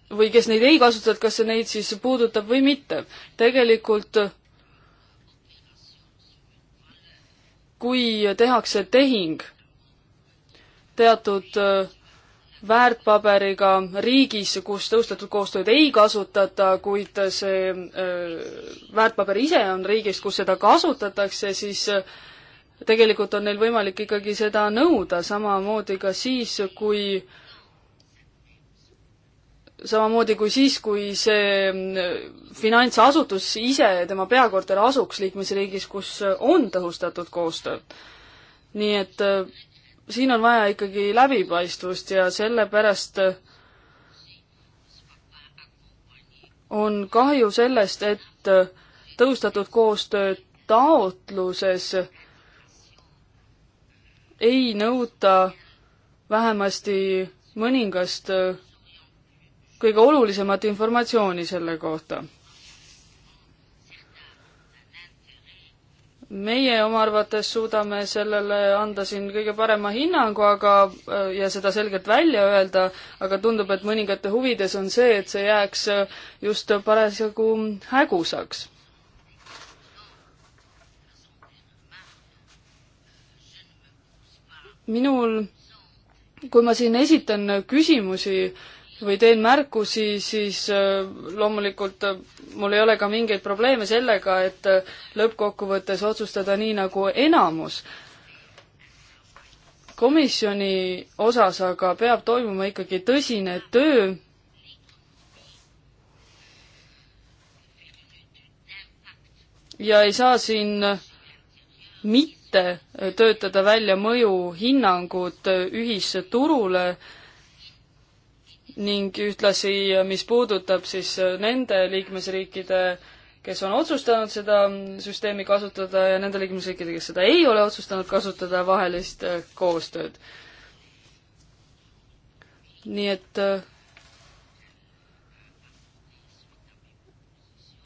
või kes neid ei kasuta, et kas see neid siis puudutab või mitte. tegelikult kui tehakse tehing teatud äh, väärtpaberiga riigis, kus tõustatud koostööd ei kasutata, kuid see äh, väärtpaber ise on riigis, kus seda kasutatakse, siis äh, tegelikult on neil võimalik ikkagi seda nõuda, samamoodi ka siis, kui äh, samamoodi kui siis, kui see mm, finantsasutus ise, tema peakorter asuks liikmesriigis, kus on tõhustatud koostöö. nii et äh, siin on vaja ikkagi läbipaistvust ja sellepärast äh, on kahju sellest, et äh, tõhustatud koostöö taotluses ei nõuta vähemasti mõningast kõige olulisemat informatsiooni selle kohta. meie oma arvates suudame sellele anda siin kõige parema hinnangu, aga, äh, ja seda selgelt välja öelda, aga tundub, et mõningate huvides on see, et see jääks äh, just parasjagu hägusaks minul, kui ma siin esitan küsimusi või teen märkusi, siis äh, loomulikult äh, mul ei ole ka mingeid probleeme sellega, et äh, lõppkokkuvõttes otsustada nii, nagu enamus. komisjoni osas aga peab toimuma ikkagi tõsine töö ja ei saa siin mitte töötada välja mõjuhinnangut ühisturule, ning ühtlasi, mis puudutab siis nende liikmesriikide, kes on otsustanud seda süsteemi kasutada ja nende liikmesriikide, kes seda ei ole otsustanud kasutada, vahelist äh, koostööd. nii et äh,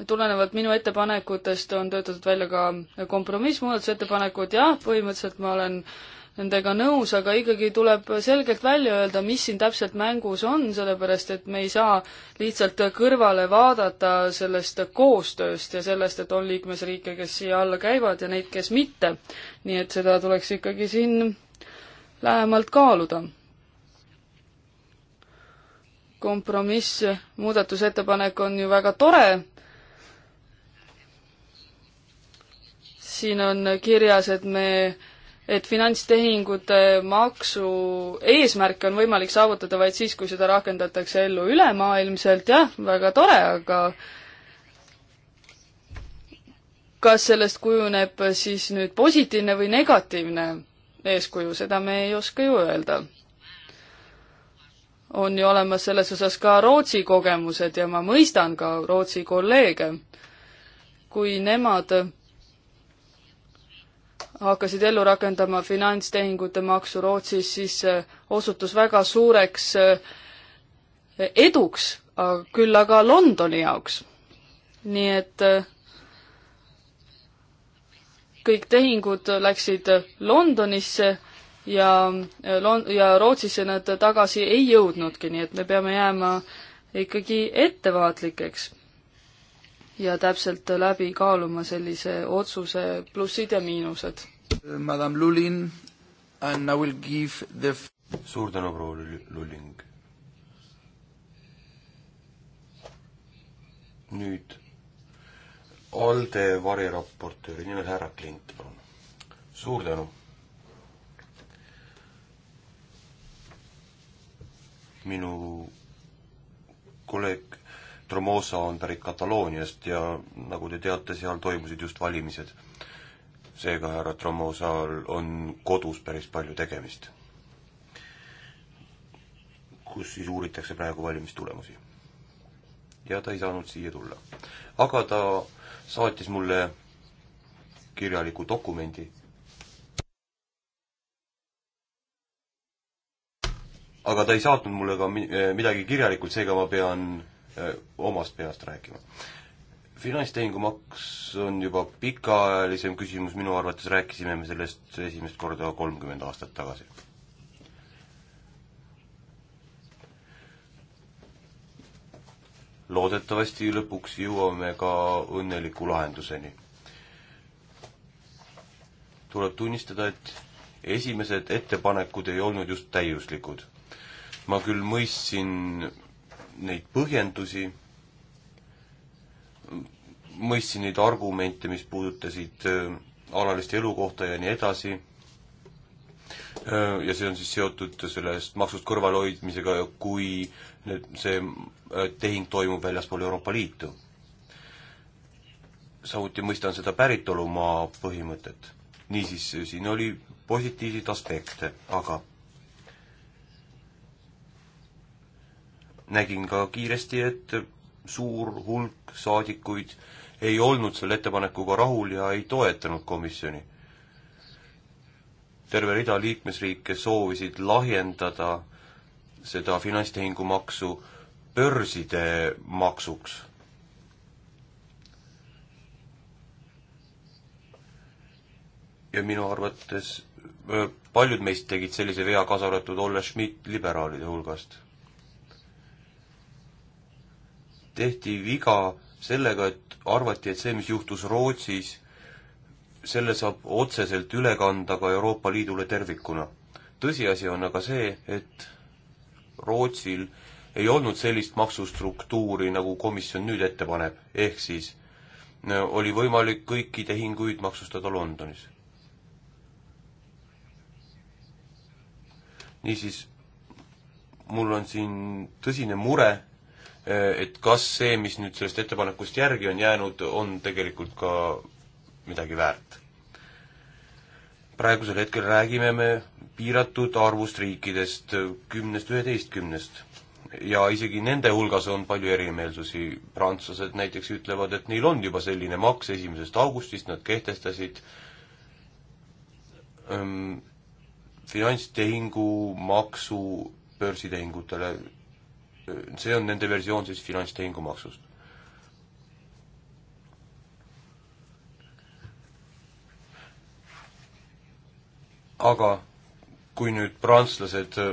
tulenevalt minu ettepanekutest on töötatud välja ka kompromissmuudatusettepanekud, jah, põhimõtteliselt ma olen äh, nendega nõus, aga ikkagi tuleb selgelt välja öelda, mis siin täpselt mängus on, sellepärast et me ei saa lihtsalt kõrvale vaadata sellest koostööst ja sellest, et on liikmesriike, kes siia alla käivad ja neid, kes mitte. nii et seda tuleks ikkagi siin lähemalt kaaluda. kompromiss, muudatusettepanek on ju väga tore, siin on kirjas, et me et finantstehingute maksu eesmärke on võimalik saavutada vaid siis, kui seda rakendatakse ellu ülemaailmselt, jah, väga tore, aga kas sellest kujuneb siis nüüd positiivne või negatiivne eeskuju, seda me ei oska ju öelda. on ju olemas selles osas ka Rootsi kogemused ja ma mõistan ka Rootsi kolleege, kui nemad hakkasid ellu rakendama finantstehingute maksu Rootsis, siis äh, osutus väga suureks äh, eduks, küll aga Londoni jaoks. nii et äh, kõik tehingud läksid Londonisse ja Lon-, ja Rootsisse nad tagasi ei jõudnudki, nii et me peame jääma ikkagi ettevaatlikeks ja täpselt läbi kaaluma sellise otsuse plussid ja miinused. Madam Lulin and I will give the suur tänu, proua Lulling. nüüd ALDE variraportööri nimel härra Klint, palun. suur tänu. minu kolleeg Tromosa on pärit Katalooniast ja nagu te teate, seal toimusid just valimised. seega härra Tromosal on kodus päris palju tegemist. kus siis uuritakse praegu valimistulemusi. ja ta ei saanud siia tulla. aga ta saatis mulle kirjaliku dokumendi. aga ta ei saatnud mulle ka eh, midagi kirjalikult, seega ma pean omast peast rääkima. finantstehingumaks on juba pikaajalisem küsimus, minu arvates rääkisime me sellest esimest korda kolmkümmend aastat tagasi. loodetavasti lõpuks jõuame ka õnneliku lahenduseni. tuleb tunnistada, et esimesed ettepanekud ei olnud just täiuslikud. ma küll mõistsin neid põhjendusi, mõistsin neid argumente, mis puudutasid alalist elukohta ja nii edasi, ja see on siis seotud sellest maksust kõrvalhoidmisega, kui nüüd see tehing toimub väljaspool Euroopa Liitu. samuti mõistan seda päritolumaa põhimõtet. niisiis, siin oli positiivseid aspekte, aga nägin ka kiiresti, et suur hulk saadikuid ei olnud selle ettepanekuga rahul ja ei toetanud komisjoni. terve rida liikmesriike soovisid lahjendada seda finantstehingumaksu börside maksuks ja minu arvates äh, paljud meist tegid sellise vea, kaasa arvatud Olle Schmidt liberaalide hulgast tehti viga sellega, et arvati, et see, mis juhtus Rootsis, selle saab otseselt üle kanda ka Euroopa Liidule tervikuna. tõsiasi on aga see, et Rootsil ei olnud sellist maksustruktuuri, nagu komisjon nüüd ette paneb, ehk siis oli võimalik kõiki tehinguid maksustada Londonis. niisiis, mul on siin tõsine mure Äh, et kas see, mis nüüd sellest ettepanekust järgi on jäänud, on tegelikult ka midagi väärt. praegusel hetkel räägime me piiratud arvust riikidest, äh, kümnest, üheteistkümnest. ja isegi nende hulgas on palju erimeelsusi, prantslased näiteks ütlevad, et neil on juba selline maks, esimesest augustist nad kehtestasid ähm, finantstehingu maksu börsitehingutele see on nende versioon siis finantstehingumaksust. aga kui nüüd prantslased äh,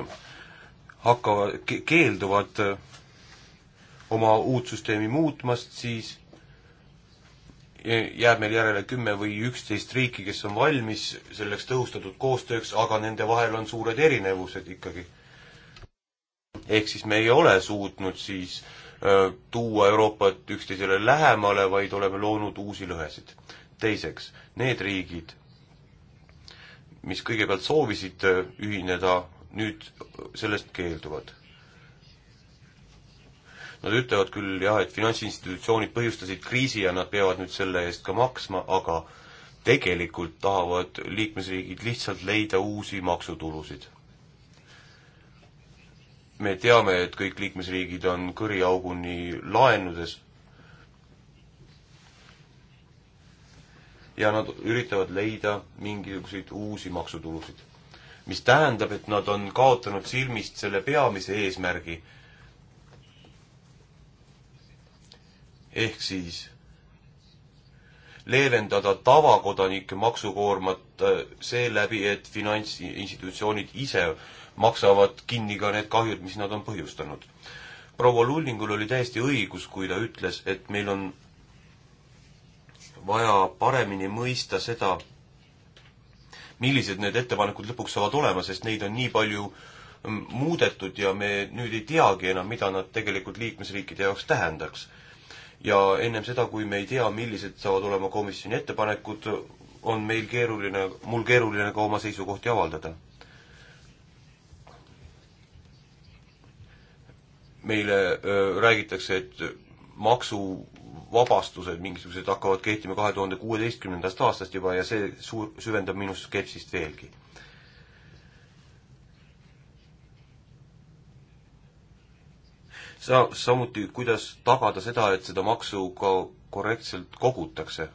hakkavad ke, keelduvad äh, oma uut süsteemi muutmast, siis äh, jääb meil järele kümme või üksteist riiki, kes on valmis selleks tõhustatud koostööks, aga nende vahel on suured erinevused ikkagi ehk siis me ei ole suutnud siis öö, tuua Euroopat üksteisele lähemale, vaid oleme loonud uusi lõhesid. teiseks, need riigid, mis kõigepealt soovisid ühineda, nüüd sellest keelduvad. Nad ütlevad küll jah, et finantsinstitutsioonid põhjustasid kriisi ja nad peavad nüüd selle eest ka maksma, aga tegelikult tahavad liikmesriigid lihtsalt leida uusi maksutulusid me teame, et kõik liikmesriigid on kõriauguni laenudes. ja nad üritavad leida mingisuguseid uusi maksutulusid, mis tähendab, et nad on kaotanud silmist selle peamise eesmärgi. ehk siis leevendada tavakodanike maksukoormat äh, seeläbi, et finantsinstitutsioonid ise maksavad kinni ka need kahjud, mis nad on põhjustanud. proua Lullingul oli täiesti õigus, kui ta ütles, et meil on vaja paremini mõista seda, millised need ettepanekud lõpuks saavad olema, sest neid on nii palju mm, muudetud ja me nüüd ei teagi enam, mida nad tegelikult liikmesriikide jaoks tähendaks. ja ennem seda, kui me ei tea, millised saavad olema komisjoni ettepanekud, on meil keeruline, mul keeruline ka oma seisukohti avaldada meile räägitakse, et maksuvabastused mingisugused hakkavad kehtima kahe tuhande kuueteistkümnendast aastast juba ja see suur, süvendab minu skepsist veelgi. sa, samuti, kuidas tagada seda, et seda maksu ka korrektselt kogutakse?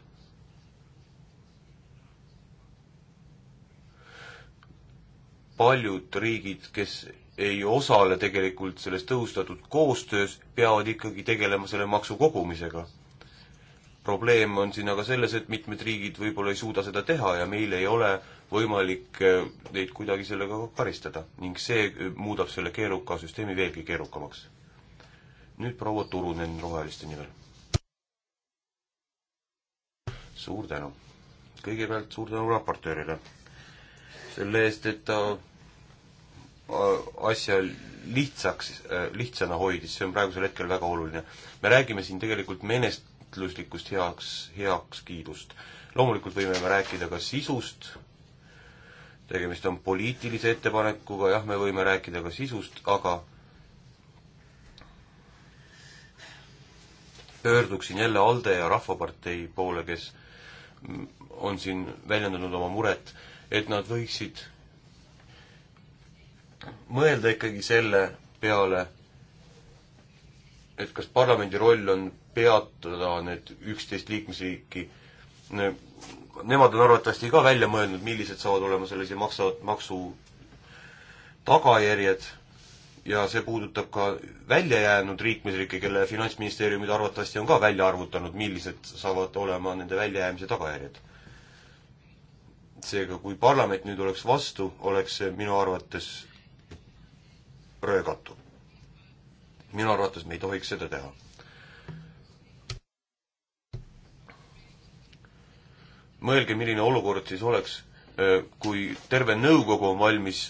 paljud riigid, kes ei osale tegelikult selles tõhustatud koostöös, peavad ikkagi tegelema selle maksu kogumisega. probleem on siin aga selles, et mitmed riigid võib-olla ei suuda seda teha ja meil ei ole võimalik eh, neid kuidagi sellega karistada ning see eh, muudab selle keeruka süsteemi veelgi keerukamaks. nüüd proua Turunen Roheliste nimel. suur tänu. kõigepealt suur tänu raportöörile selle eest, et ta Äh, asja lihtsaks, äh, lihtsana hoidis, see on praegusel hetkel väga oluline. me räägime siin tegelikult menetluslikust heaks, heakskiidust. loomulikult võime me rääkida ka sisust, tegemist on poliitilise ettepanekuga, jah, me võime rääkida ka sisust, aga pöörduksin jälle ALDE ja Rahvapartei poole, kes on siin väljendanud oma muret, et nad võiksid mõelda ikkagi selle peale, et kas parlamendi roll on peatada need üksteist liikmesriiki ne,, nemad on arvatavasti ka välja mõelnud, millised saavad olema sellise maksa, maksu tagajärjed ja see puudutab ka välja jäänud liikmesriike, kelle finantsministeeriumid arvatavasti on ka välja arvutanud, millised saavad olema nende väljajäämise tagajärjed. seega, kui parlament nüüd oleks vastu, oleks see minu arvates röögatu. minu arvates me ei tohiks seda teha. mõelge, milline olukord siis oleks, kui terve nõukogu on valmis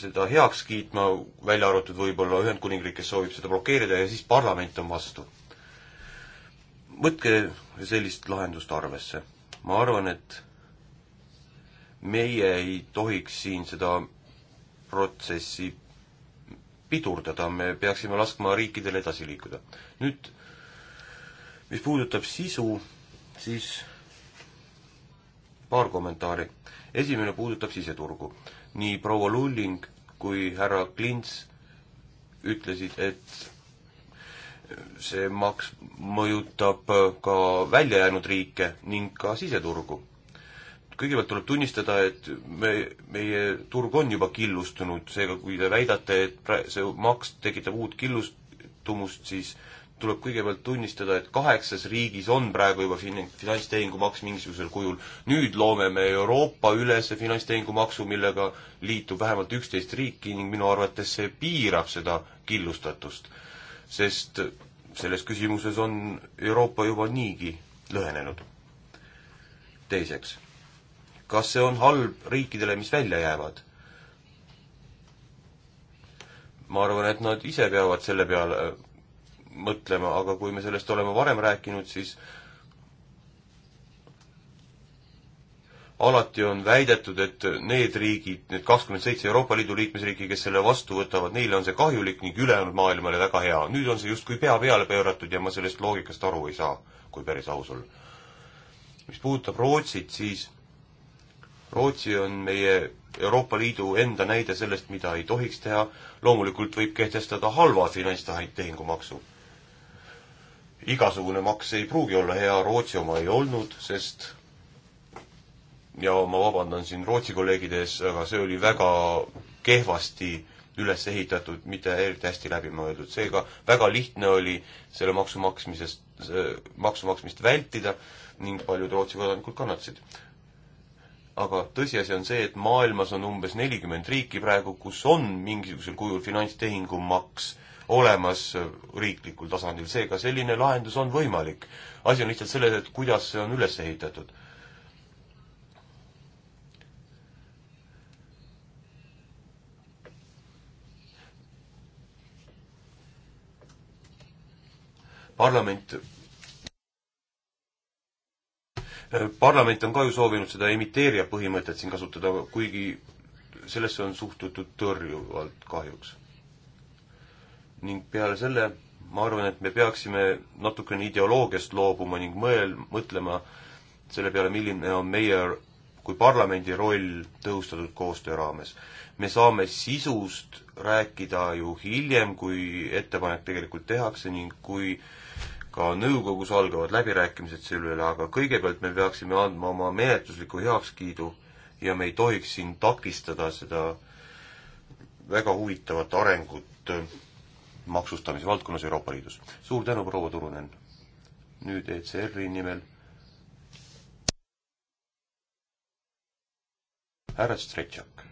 seda heaks kiitma, välja arvatud võib-olla Ühendkuningriik, kes soovib seda blokeerida ja siis parlament on vastu. võtke sellist lahendust arvesse. ma arvan, et meie ei tohiks siin seda protsessi pidurdada, me peaksime laskma riikidel edasi liikuda. nüüd, mis puudutab sisu, siis paar kommentaari. esimene puudutab siseturgu. nii proua Lulling kui härra Klints ütlesid, et see maks mõjutab ka välja jäänud riike ning ka siseturgu kõigepealt tuleb tunnistada, et me, meie turg on juba killustunud, seega kui te väidate, et pra-, see maks tekitab uut killustumust, siis tuleb kõigepealt tunnistada, et kaheksas riigis on praegu juba fin-, finantstehingumaks mingisugusel kujul. nüüd loome me Euroopa ülese finantstehingumaksu, millega liitub vähemalt üksteist riiki ning minu arvates see piirab seda killustatust. sest selles küsimuses on Euroopa juba niigi lõhenenud. teiseks kas see on halb riikidele, mis välja jäävad? ma arvan, et nad ise peavad selle peale äh, mõtlema, aga kui me sellest oleme varem rääkinud, siis alati on väidetud, et need riigid, need kakskümmend seitse Euroopa Liidu liikmesriiki, kes selle vastu võtavad, neile on see kahjulik ning ülejäänud maailmale väga hea. nüüd on see justkui pea peale pööratud ja ma sellest loogikast aru ei saa, kui päris aus olla. mis puudutab Rootsit, siis Rootsi on meie Euroopa Liidu enda näide sellest, mida ei tohiks teha. loomulikult võib kehtestada halva finantstehingumaksu. igasugune maks ei pruugi olla hea, Rootsi oma ei olnud, sest ja ma vabandan siin Rootsi kolleegide ees, aga see oli väga kehvasti üles ehitatud, mitte eriti hästi läbi mõeldud, seega väga lihtne oli selle maksu maksmisest, maksu maksmist vältida ning paljud Rootsi kodanikud kannatasid aga tõsiasi on see, et maailmas on umbes nelikümmend riiki praegu, kus on mingisugusel kujul finantstehingumaks olemas äh, riiklikul tasandil, seega selline lahendus on võimalik. asi on lihtsalt selles, et kuidas see on üles ehitatud. parlament Äh, parlament on ka ju soovinud seda emiteerija põhimõtet siin kasutada, kuigi sellesse on suhtutud tõrjuvalt kahjuks. ning peale selle ma arvan, et me peaksime natukene ideoloogiast loobuma ning mõel-, mõtlema selle peale, milline on meie kui parlamendi roll tõhustatud koostöö raames. me saame sisust rääkida ju hiljem, kui ettepanek tegelikult tehakse ning kui äh, ka nõukogus algavad läbirääkimised selle üle, aga kõigepealt me peaksime andma oma menetlusliku heakskiidu ja me ei tohiks siin takistada seda väga huvitavat arengut maksustamise valdkonnas Euroopa Liidus. suur tänu, proua Turunen! nüüd ECR-i nimel härra Stretšak.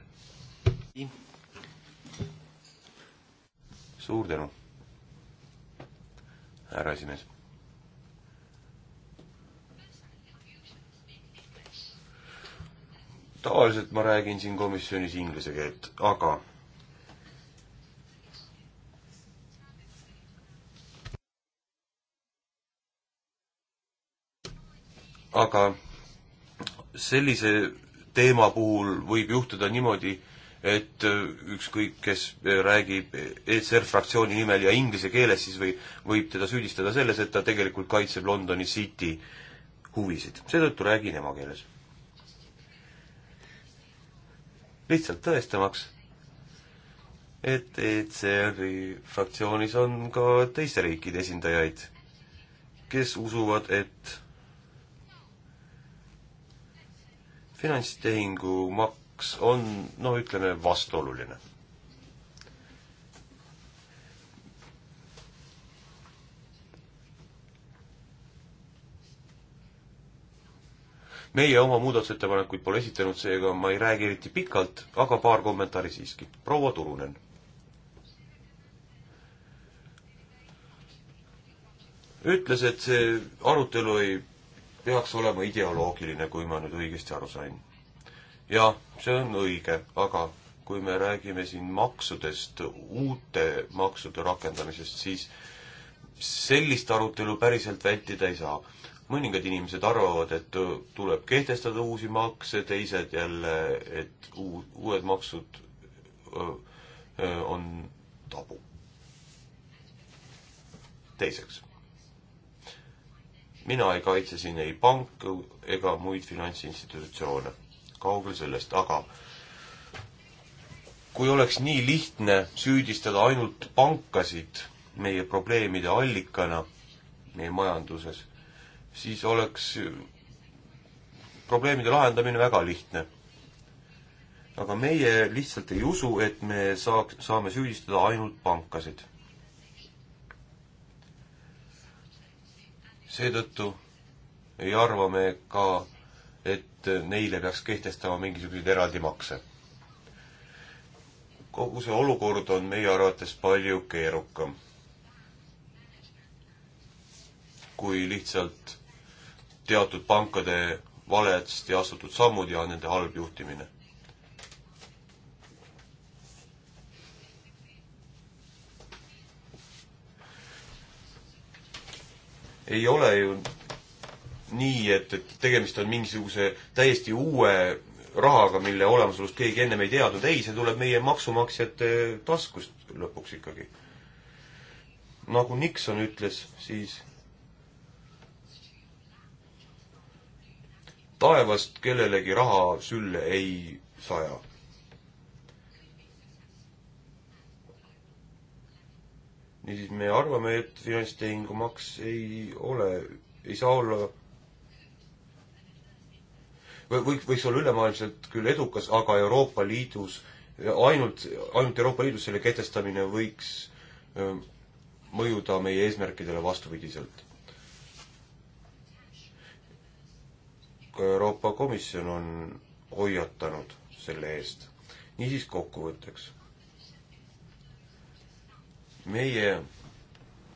suur tänu! härra esimees. tavaliselt ma räägin siin komisjonis inglise keelt, aga aga sellise teema puhul võib juhtuda niimoodi, et äh, ükskõik, kes äh, räägib äh, ECR fraktsiooni nimel ja inglise keeles, siis või, võib teda süüdistada selles, et ta tegelikult kaitseb Londoni City huvisid. seetõttu räägin emakeeles. lihtsalt tõestamaks, et ECR-i fraktsioonis on ka teiste riikide esindajaid, kes usuvad, et finantstehingu mak-, kaks on, no ütleme, vastuoluline. meie oma muudatusettepanekuid pole esitanud, seega ma ei räägi eriti pikalt, aga paar kommentaari siiski. proua Turunen ütles, et see arutelu ei peaks olema ideoloogiline, kui ma nüüd õigesti aru sain jah, see on õige, aga kui me räägime siin maksudest, uute maksude rakendamisest, siis sellist arutelu päriselt vältida ei saa. mõningad inimesed arvavad, et tuleb kehtestada uusi makse, teised jälle, et uued maksud öö, öö, on tabu. teiseks, mina ei kaitse siin ei panku ega muid finantsinstitutsioone kaugel sellest, aga kui oleks nii lihtne süüdistada ainult pankasid meie probleemide allikana meie majanduses, siis oleks probleemide lahendamine väga lihtne. aga meie lihtsalt ei usu, et me saaks, saame süüdistada ainult pankasid. seetõttu ei arva me ka, et neile peaks kehtestama mingisuguseid eraldi makse. kogu see olukord on meie arvates palju keerukam kui lihtsalt teatud pankade valesti astutud sammud ja nende halb juhtimine. ei ole ju nii, et, et tegemist on mingisuguse täiesti uue rahaga, mille olemasolust keegi ennem ei teadnud, ei, see tuleb meie maksumaksjate taskust lõpuks ikkagi. nagu Nixon ütles, siis taevast kellelegi raha sülle ei saja. niisiis, me arvame, et finantstehingumaks ei ole, ei saa olla võiks, võiks olla ülemaailmselt küll edukas, aga Euroopa Liidus, ainult, ainult Euroopa Liidus selle kehtestamine võiks mõjuda meie eesmärkidele vastupidiselt. ka Euroopa Komisjon on hoiatanud selle eest. niisiis kokkuvõtteks. meie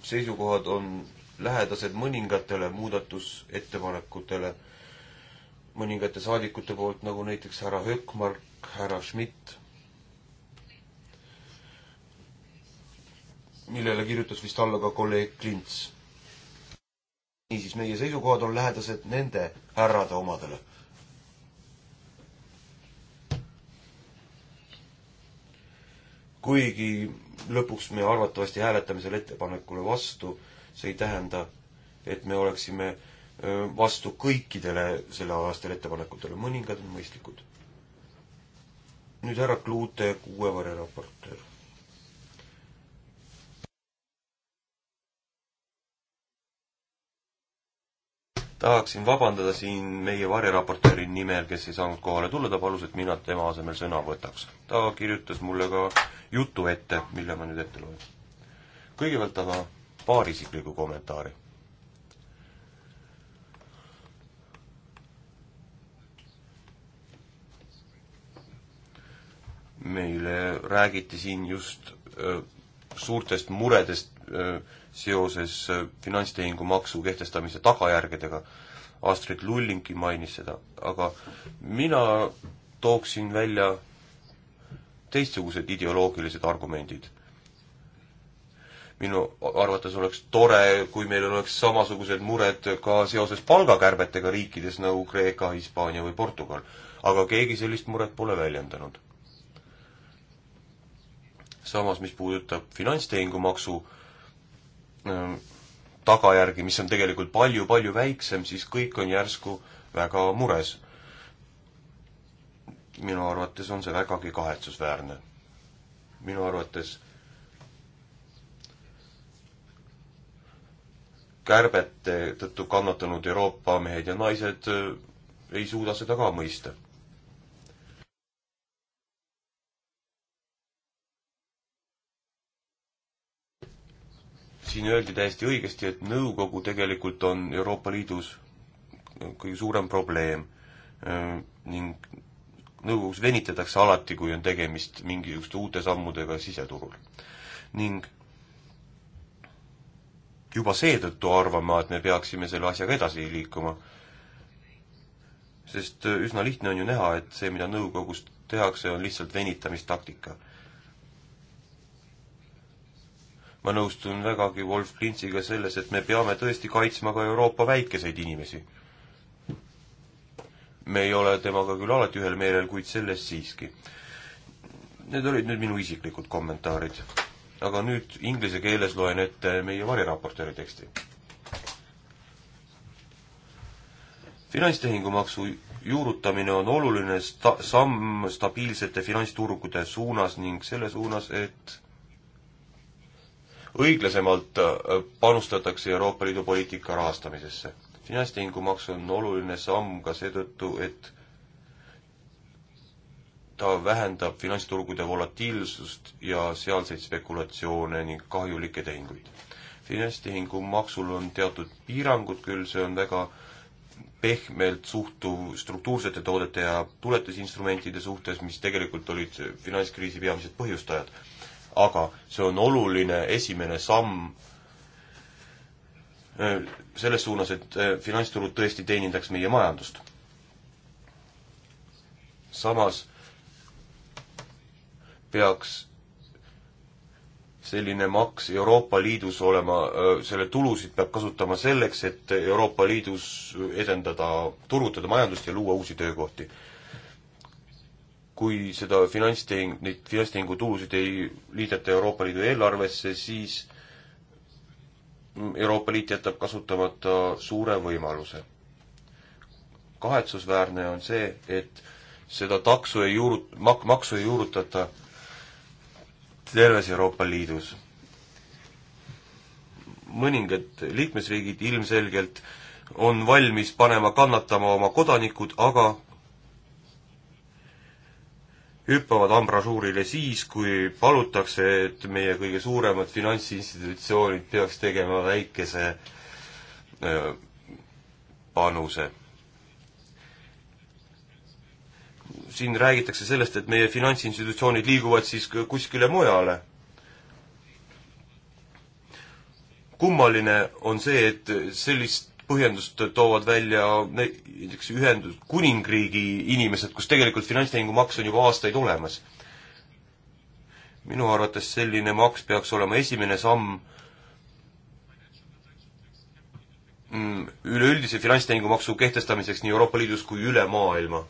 seisukohad on lähedased mõningatele muudatusettepanekutele mõningate saadikute poolt, nagu näiteks härra Höökmark, härra Schmidt, millele kirjutas vist alla ka kolleeg Klints. niisiis, meie seisukohad on lähedased nende härrade omadele kuigi lõpuks me arvatavasti hääletame selle ettepanekule vastu, see ei tähenda, et me oleksime vastu kõikidele sellealastele ettepanekutele, mõningad on mõistlikud. nüüd härra Kluute, kuue vareraportöör. tahaksin vabandada siin meie varjeraportööri nimel, kes ei saanud kohale tulla, ta palus, et mina tema asemel sõna võtaks. ta kirjutas mulle ka jutu ette, mille ma nüüd ette loen. kõigepealt aga paar isiklikku kommentaari. meile räägiti siin just suurtest muredest seoses finantstehingumaksu kehtestamise tagajärgedega. Astrid Lullingi mainis seda, aga mina tooksin välja teistsugused ideoloogilised argumendid. minu arvates oleks tore, kui meil oleks samasugused mured ka seoses palgakärbetega riikides nagu Kreeka, Hispaania või Portugal. aga keegi sellist muret pole väljendanud samas mis puudutab finantstehingumaksu ähm, tagajärgi, mis on tegelikult palju-palju väiksem, siis kõik on järsku väga mures. minu arvates on see vägagi kahetsusväärne. minu arvates kärbete tõttu kannatanud Euroopa mehed ja naised äh, ei suuda seda ka mõista siin öeldi täiesti õigesti, et nõukogu tegelikult on Euroopa Liidus kõige suurem probleem ning nõukogus venitatakse alati, kui on tegemist mingisuguste uute sammudega siseturul. ning juba seetõttu arvama, et me peaksime selle asjaga edasi liikuma, sest üsna lihtne on ju näha, et see, mida nõukogus tehakse, on lihtsalt venitamistaktika ma nõustun vägagi Wolf Klintsiga selles, et me peame tõesti kaitsma ka Euroopa väikeseid inimesi. me ei ole temaga küll alati ühel meelel, kuid selles siiski. Need olid nüüd minu isiklikud kommentaarid. aga nüüd inglise keeles loen ette meie variraportööri teksti. finantstehingumaksu juurutamine on oluline sta-, samm stabiilsete finantsturgude suunas ning selle suunas, et õiglasemalt äh, panustatakse Euroopa Liidu poliitika rahastamisesse. finantstehingumaks on oluline samm ka seetõttu, et ta vähendab finantsturgude volatiilsust ja sealseid spekulatsioone ning kahjulikke tehinguid. finantstehingumaksul on teatud piirangud küll, see on väga pehmelt suhtuv struktuursete toodete ja tuletisinstrumentide suhtes, mis tegelikult olid finantskriisi peamised põhjustajad aga see on oluline esimene samm äh, selles suunas, et äh, finantsturud tõesti teenindaks meie majandust. samas peaks selline maks Euroopa Liidus olema, äh, selle tulusid peab kasutama selleks, et Euroopa Liidus edendada, turutada majandust ja luua uusi töökohti kui seda finantstehing, neid finantstehingu tulusid ei liideta Euroopa Liidu eelarvesse, siis Euroopa Liit jätab kasutamata suure võimaluse. kahetsusväärne on see, et seda taksu ei juuru-, mak-, maksu ei juurutata terves Euroopa Liidus. mõningad liikmesriigid ilmselgelt on valmis panema kannatama oma kodanikud, aga hüppavad ambrasuurile siis, kui palutakse, et meie kõige suuremad finantsinstitutsioonid peaks tegema väikese panuse. siin räägitakse sellest, et meie finantsinstitutsioonid liiguvad siis kuskile mujale kummaline on see, et sellist põhjendust toovad välja näiteks ühendus, kuningriigi inimesed, kus tegelikult finantstehingumaks on juba aastaid olemas. minu arvates selline maks peaks olema esimene samm mm, üleüldise finantstehingumaksu kehtestamiseks nii Euroopa Liidus kui üle maailma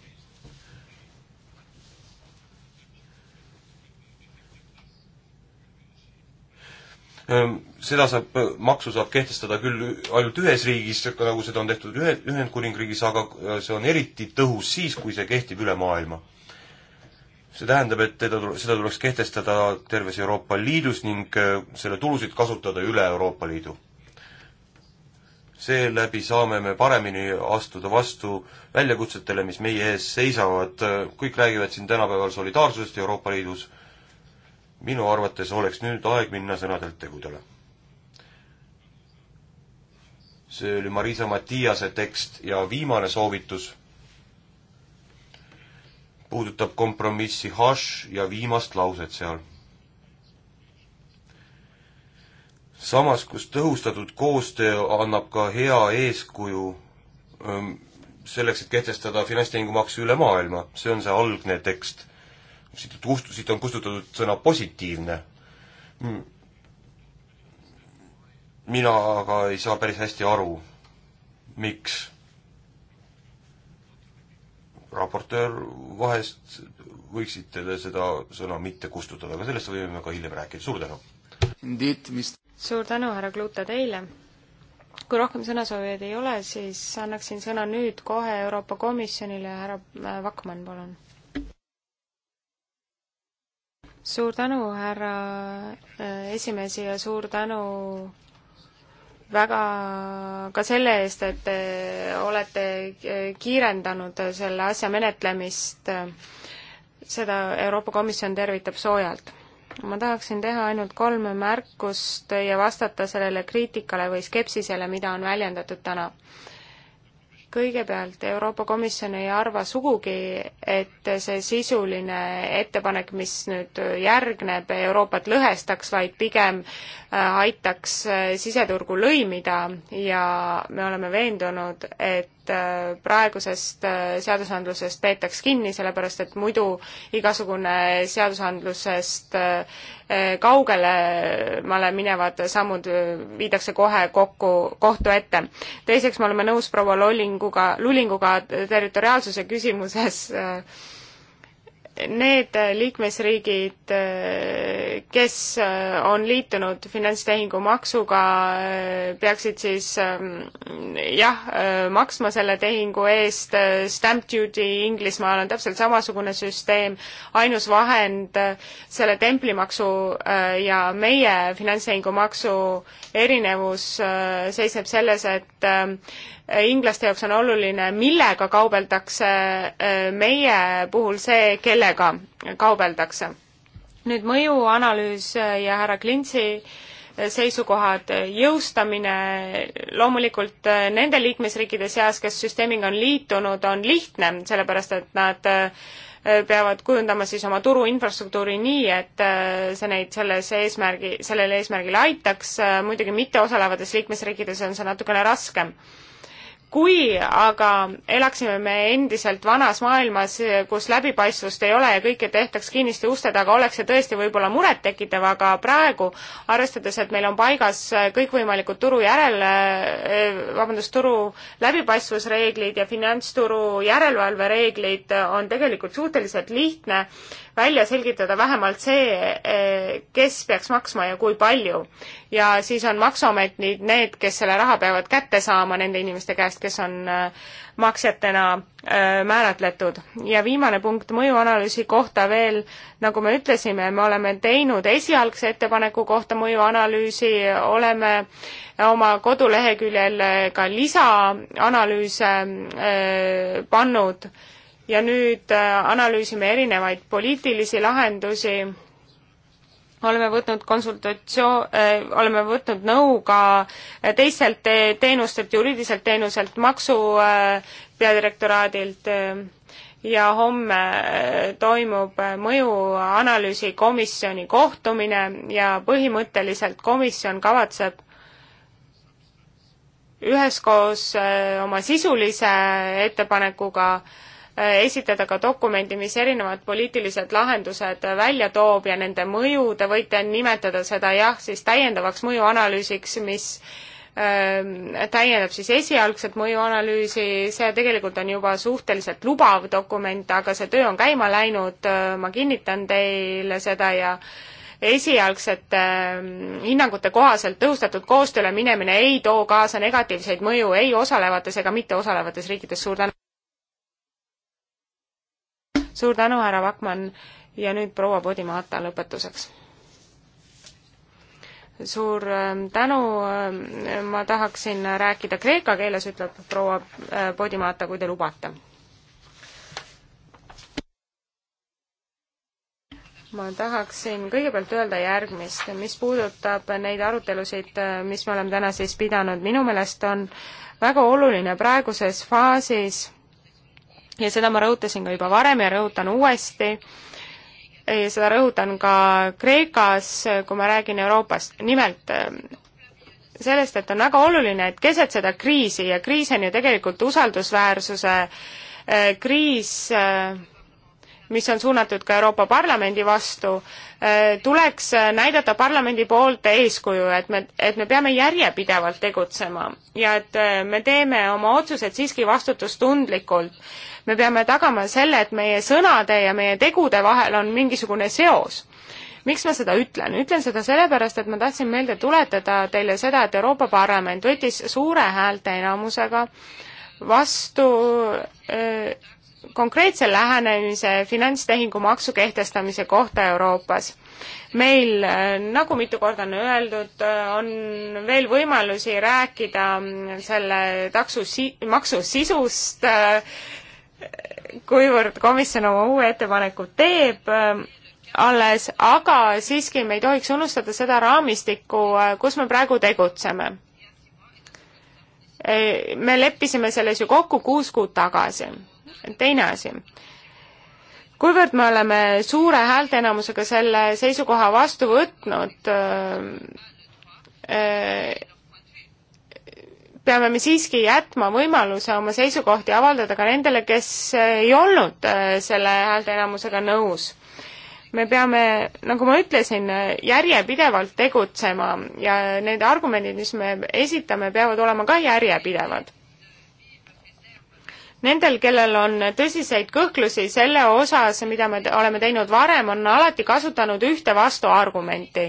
Ehm, seda saab, maksu saab kehtestada küll ainult ühes riigis, nagu seda on tehtud ühe, Ühendkuningriigis, aga äh, see on eriti tõhus siis, kui see kehtib üle maailma. see tähendab, et teda, seda tuleks kehtestada terves Euroopa Liidus ning äh, selle tulusid kasutada üle Euroopa Liidu seeläbi saame me paremini astuda vastu väljakutsetele, mis meie ees seisavad, kõik räägivad siin tänapäeval solidaarsusest Euroopa Liidus minu arvates oleks nüüd aeg minna sõnadelt tegudele. see oli Marisa Matiase tekst ja viimane soovitus puudutab kompromissi hash ja viimast lauset seal. samas, kus tõhustatud koostöö annab ka hea eeskuju ähm, selleks, et kehtestada finantstehingumaksu üle maailma, see on see algne tekst siit kust-, siit on kustutatud sõna positiivne. mina aga ei saa päris hästi aru, miks raportöör, vahest võiksite te seda sõna mitte kustutada, aga sellest võime ka hiljem rääkida, suur tänu! suur tänu, härra Kluuta, teile! kui rohkem sõnasoovijaid ei ole, siis annaksin sõna nüüd kohe Euroopa Komisjonile, härra äh, Vakman, palun suur tänu, härra äh, esimees ja suur tänu väga ka selle eest, et te olete äh, kiirendanud selle asja menetlemist. seda Euroopa Komisjon tervitab soojalt. ma tahaksin teha ainult kolm märkust ja vastata sellele kriitikale või skepsisele, mida on väljendatud täna kõigepealt Euroopa Komisjon ei arva sugugi, et see sisuline ettepanek, mis nüüd järgneb, Euroopat lõhestaks, vaid pigem äh, aitaks äh, siseturgu lõimida ja me oleme veendunud, et et äh, praegusest äh, seadusandlusest peetaks kinni, sellepärast et muidu igasugune seadusandlusest äh, kaugemale minevad sammud viidakse kohe kokku kohtu ette. teiseks, me oleme nõus proua Lollinguga, Lulinguga territoriaalsuse küsimuses äh, need liikmesriigid, kes on liitunud finantstehingu maksuga, peaksid siis ähm, jah, äh, maksma selle tehingu eest, äh, stamp duty Inglismaal on täpselt samasugune süsteem, ainus vahend äh, selle templimaksu ja meie finantstehingu maksu erinevus seisneb selles, et ähm, inglaste jaoks on oluline, millega kaubeldakse, äh, meie puhul see, kellega kaubeldakse. nüüd mõjuanalüüs äh, ja härra Klintsi äh, seisukohad, jõustamine loomulikult nende liikmesriikide seas, kes süsteemiga on liitunud, on lihtne, sellepärast et nad peavad kujundama siis oma turu infrastruktuuri nii, et see neid selles eesmärgi, sellele eesmärgile aitaks, muidugi mitteosalevates liikmesriikides on see natukene raskem kui aga elaksime me endiselt vanas maailmas, kus läbipaistvust ei ole ja kõike tehtaks kinniste uste taga, oleks see tõesti võib-olla murettekitav, aga praegu, arvestades, et meil on paigas kõikvõimalikud turu järele, eh, vabandust, turu läbipaistvusreeglid ja finantsturu järelevalvereeglid, on tegelikult suhteliselt lihtne välja selgitada vähemalt see, e, kes peaks maksma ja kui palju. ja siis on Maksuametid need, kes selle raha peavad kätte saama nende inimeste käest, kes on e, maksjatena e, määratletud. ja viimane punkt mõjuanalüüsi kohta veel, nagu me ütlesime, me oleme teinud esialgse ettepaneku kohta mõjuanalüüsi, oleme oma koduleheküljel ka lisaanalüüse pannud ja nüüd äh, analüüsime erinevaid poliitilisi lahendusi, oleme võtnud konsultatsioon äh,, oleme võtnud nõu ka äh, teistelt teenustelt, juriidiliselt teenuselt, maksu äh, peadirektoraadilt äh, ja homme äh, toimub mõjuanalüüsi komisjoni kohtumine ja põhimõtteliselt komisjon kavatseb üheskoos oma sisulise ettepanekuga äh, Äh, esitada ka dokumendi, mis erinevad poliitilised lahendused välja toob ja nende mõju, te võite nimetada seda jah, siis täiendavaks mõjuanalüüsiks, mis äh, täiendab siis esialgset mõjuanalüüsi, see tegelikult on juba suhteliselt lubav dokument, aga see töö on käima läinud, äh, ma kinnitan teile seda ja esialgsete hinnangute kohaselt tõhustatud koostööle minemine ei too kaasa negatiivseid mõju ei osalevates ega mitteosalevates riikides. suur tänu! suur tänu, härra Vakman ja nüüd proua Podimata lõpetuseks suur ähm, tänu, ähm, ma tahaksin rääkida kreeka keeles, ütleb proua äh, Podimata, kui te lubate. ma tahaksin kõigepealt öelda järgmist, mis puudutab neid arutelusid, äh, mis me oleme täna siis pidanud, minu meelest on väga oluline praeguses faasis ja seda ma rõhutasin ka juba varem ja rõhutan uuesti, ja seda rõhutan ka Kreekas, kui ma räägin Euroopast, nimelt äh, sellest, et on väga oluline, et keset seda kriisi ja kriis on ju tegelikult usaldusväärsuse äh, kriis äh, mis on suunatud ka Euroopa Parlamendi vastu, eh, tuleks näidata parlamendi poolt eeskuju, et me, et me peame järjepidevalt tegutsema ja et eh, me teeme oma otsused siiski vastutustundlikult. me peame tagama selle, et meie sõnade ja meie tegude vahel on mingisugune seos miks ma seda ütlen? ütlen seda sellepärast, et ma tahtsin meelde tuletada teile seda, et Euroopa Parlament võttis suure häälteenamusega vastu öö, eh, konkreetse lähenemise finantstehingumaksu kehtestamise kohta Euroopas. meil, äh, nagu mitu korda on öeldud, äh, on veel võimalusi rääkida mm, selle taksu si-, maksu sisust, äh, kuivõrd komisjon oma uue ettepaneku teeb, alles, aga siiski me ei tohiks unustada seda raamistikku, kus me praegu tegutseme me leppisime selles ju kokku kuus kuud tagasi teine asi kuivõrd me oleme suure häälteenamusega selle seisukoha vastu võtnud, äh, äh, peame me siiski jätma võimaluse oma seisukohti avaldada ka nendele, kes ei olnud äh, selle häälteenamusega nõus. me peame, nagu ma ütlesin, järjepidevalt tegutsema ja need argumendid, mis me esitame, peavad olema ka järjepidevad Nendel, kellel on tõsiseid kõhklusi selle osas, mida me oleme teinud varem, on alati kasutanud ühte vastuargumenti.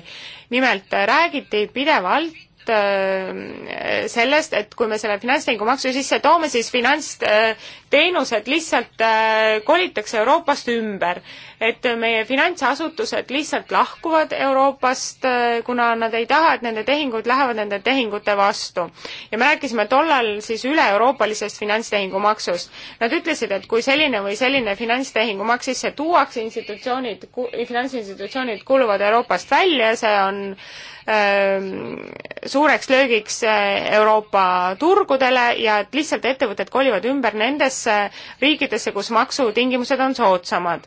nimelt räägiti pidevalt Äh, sellest, et kui me selle finantstehingumaksu sisse toome, siis finantsteenused lihtsalt äh, kolitakse Euroopast ümber. et meie finantsasutused lihtsalt lahkuvad Euroopast, äh, kuna nad ei taha, et nende tehingud lähevad nende tehingute vastu. ja me rääkisime tollal siis üle-euroopalisest finantstehingumaksust. Nad ütlesid, et kui selline või selline finantstehingumaks sisse tuuakse, institutsioonid, finantsinstitutsioonid kuuluvad Euroopast välja ja see on äh, Ähm, suureks löögiks äh, Euroopa turgudele ja et lihtsalt ettevõtted kolivad ümber nendesse riikidesse, kus maksutingimused on soodsamad.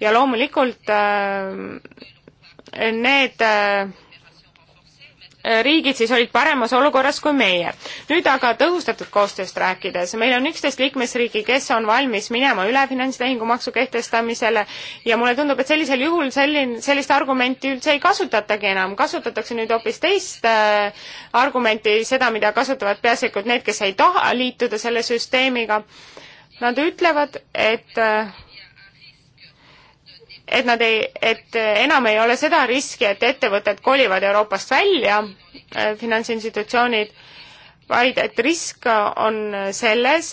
ja loomulikult ähm, need äh, Äh, riigid siis olid paremas olukorras kui meie. nüüd aga tõhustatud koostööst rääkides, meil on üksteist liikmesriigi, kes on valmis minema üle finantstehingumaksu kehtestamisele ja mulle tundub, et sellisel juhul selline, sellist argumenti üldse ei kasutatagi enam, kasutatakse nüüd hoopis teist äh, argumenti, seda, mida kasutavad peaasjalikult need, kes ei taha liituda selle süsteemiga. Nad ütlevad, et äh, et nad ei, et enam ei ole seda riski, et ettevõtted kolivad Euroopast välja, äh, finantsinstitutsioonid, vaid et risk on selles,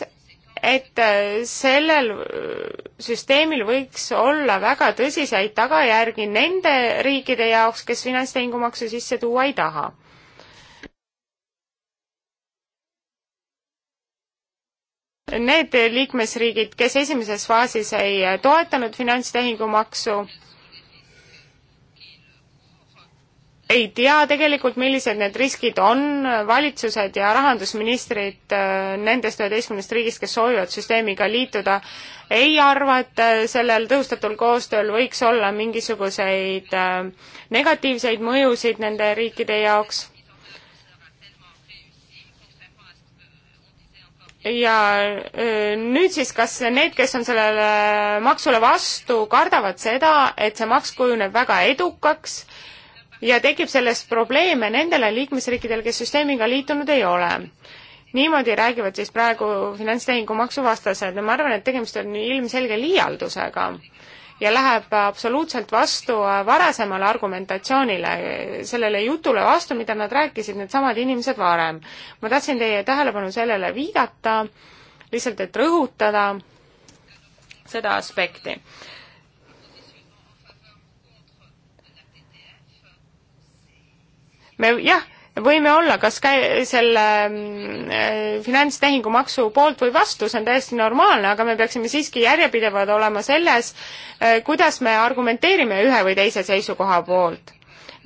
et äh, sellel äh, süsteemil võiks olla väga tõsiseid tagajärgi nende riikide jaoks, kes finantstehingumaksu sisse tuua ei taha. need liikmesriigid, kes esimeses faasis ei toetanud finantstehingumaksu, ei tea tegelikult, millised need riskid on, valitsused ja rahandusministrid äh, nendest üheteistkümnest riigist, kes soovivad süsteemiga liituda, ei arva, et äh, sellel tõhustatul koostööl võiks olla mingisuguseid äh, negatiivseid mõjusid nende riikide jaoks ja nüüd siis, kas need, kes on sellele maksule vastu, kardavad seda, et see maks kujuneb väga edukaks ja tekib sellest probleeme nendele liikmesriikidele, kes süsteemiga liitunud ei ole? niimoodi räägivad siis praegu finantstehingu maksuvastased ja ma arvan, et tegemist on ilmselge liialdusega ja läheb absoluutselt vastu äh, varasemale argumentatsioonile, sellele jutule vastu, mida nad rääkisid, needsamad inimesed varem. ma tahtsin teie tähelepanu sellele viidata, lihtsalt et rõhutada seda aspekti. me jah võime olla kas käi-, selle mm, äh, finantstehingumaksu poolt või vastu, see on täiesti normaalne, aga me peaksime siiski järjepidevad olema selles äh,, kuidas me argumenteerime ühe või teise seisukoha poolt.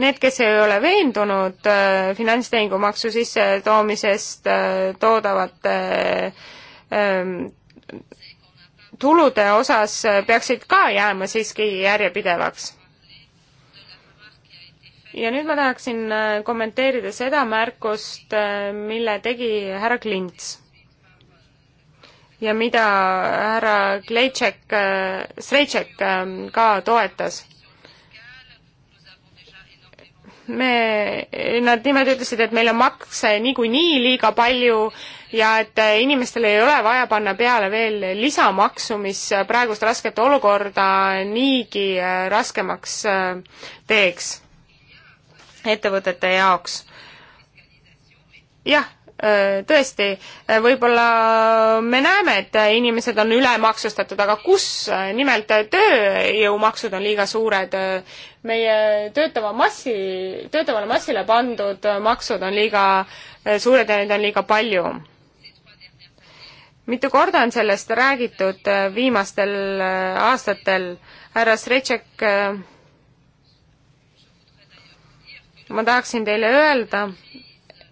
Need, kes ei ole veendunud äh, finantstehingumaksu sissetoomisest äh, toodavate äh, ähm, tulude osas, äh, peaksid ka jääma siiski järjepidevaks ja nüüd ma tahaksin äh, kommenteerida seda märkust, äh, mille tegi härra Klints. ja mida härra Kleitšek, äh, Sveitšek ähm, ka toetas. me, nad nimelt ütlesid, et meil on makse niikuinii liiga palju ja et inimestel ei ole vaja panna peale veel lisamaksu, mis praegust rasket olukorda niigi raskemaks teeks ettevõtete jaoks. jah, äh, tõesti, äh, võib-olla me näeme, et äh, inimesed on ülemaksustatud, aga kus? nimelt tööjõumaksud on liiga suured, meie töötava massi, töötavale massile pandud maksud on liiga suured ja neid on liiga palju mitu korda on sellest räägitud viimastel aastatel, härra Sretšek ma tahaksin teile öelda,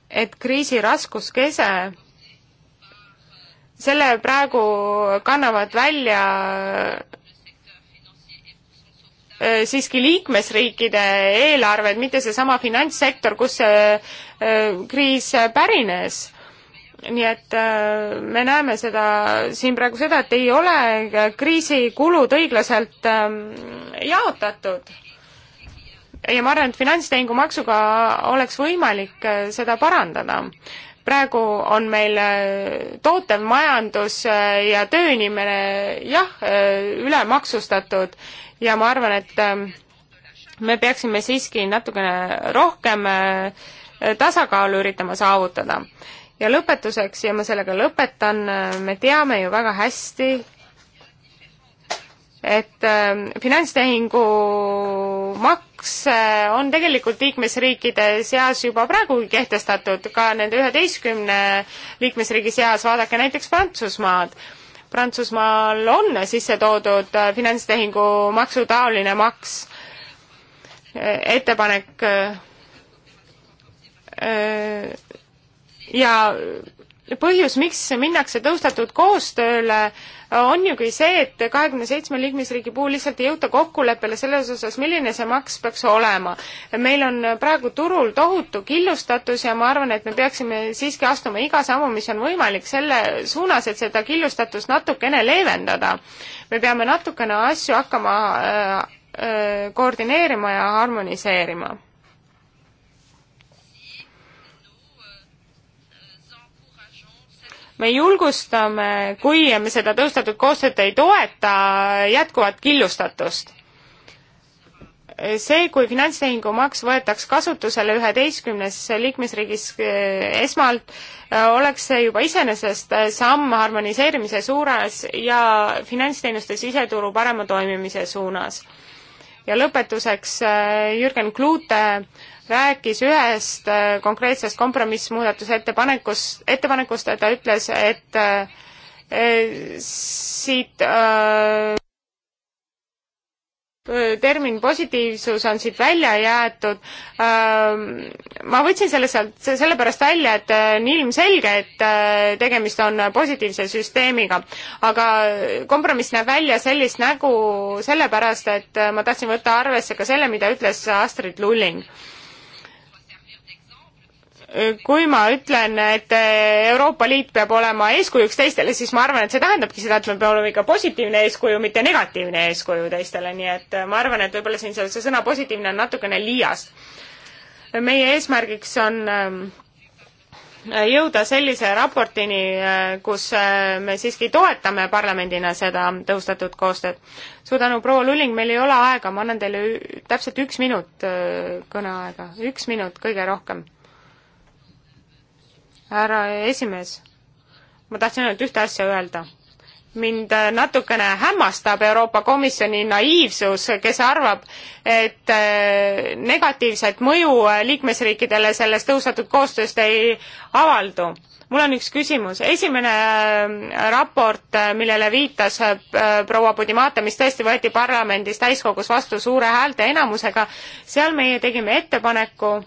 et kriisi raskuskese, selle praegu kannavad välja äh, siiski liikmesriikide eelarved, mitte seesama finantssektor, kus see äh, kriis pärines. nii et äh, me näeme seda siin praegu seda, et ei ole kriisi kulud õiglaselt ähm, jaotatud ja ma arvan, et finantstehingumaksuga oleks võimalik äh, seda parandada. praegu on meil äh, tootev majandus äh, ja tööinimene jah, ülemaksustatud ja ma arvan, et me peaksime siiski natukene rohkem tasakaalu üritama saavutada. ja lõpetuseks, ja ma sellega lõpetan, me teame ju väga hästi, et ähm, finantstehingu maks äh, on tegelikult liikmesriikide seas juba praegu kehtestatud, ka nende üheteistkümne liikmesriigi seas, vaadake näiteks Prantsusmaad. Prantsusmaal on sisse toodud äh, finantstehingu maksu taoline maks, äh, ettepanek ja põhjus, miks minnakse tõustatud koostööle, on ju kui see, et kahekümne seitsme liikmesriigi puhul lihtsalt ei jõuta kokkuleppele selles osas, milline see maks peaks olema. meil on praegu turul tohutu killustatus ja ma arvan, et me peaksime siiski astuma iga sammu, mis on võimalik selle suunas, et seda killustatust natukene leevendada. me peame natukene asju hakkama äh, äh, koordineerima ja harmoniseerima me julgustame, kui me seda tõustatud koostööd ei toeta, jätkuvat killustatust see, kui finantstehingumaks võetaks kasutusele üheteistkümnes liikmesriigis eh, esmalt, eh, oleks see juba iseenesest eh, samm harmoniseerimise suunas ja finantsteenuste siseturu parema toimimise suunas ja lõpetuseks äh, Jürgen Klute rääkis ühest äh, konkreetsest kompromissmuudatuse ettepanekust, ettepanekust ja ta ütles, et äh, siit termin positiivsus on siit välja jäetud. Ähm, ma võtsin selle sealt sellepärast välja, et äh, on ilmselge, et äh, tegemist on positiivse süsteemiga, aga kompromiss näeb välja sellist nägu sellepärast, et äh, ma tahtsin võtta arvesse ka selle, mida ütles Astrid Lulling kui ma ütlen, et Euroopa Liit peab olema eeskujuks teistele, siis ma arvan, et see tähendabki seda, et me peame olema ikka positiivne eeskuju, mitte negatiivne eeskuju teistele, nii et äh, ma arvan, et võib-olla siin see sõna positiivne on natukene liiast. meie eesmärgiks on ähm, jõuda sellise raportini, äh, kus äh, me siiski toetame parlamendina seda tõhustatud koostööd. suur tänu, proua Lulling, meil ei ole aega, ma annan teile täpselt üks minut kõneaega, üks minut kõige rohkem härra esimees, ma tahtsin ainult ühte asja öelda mind natukene hämmastab Euroopa Komisjoni naiivsus, kes arvab, et äh, negatiivset mõju liikmesriikidele sellest tõusetud koostööst ei avaldu. mul on üks küsimus, esimene äh, raport, äh, millele viitas proua Budimata, mis tõesti võeti parlamendis täiskogus vastu suure häälteenamusega, seal meie tegime ettepaneku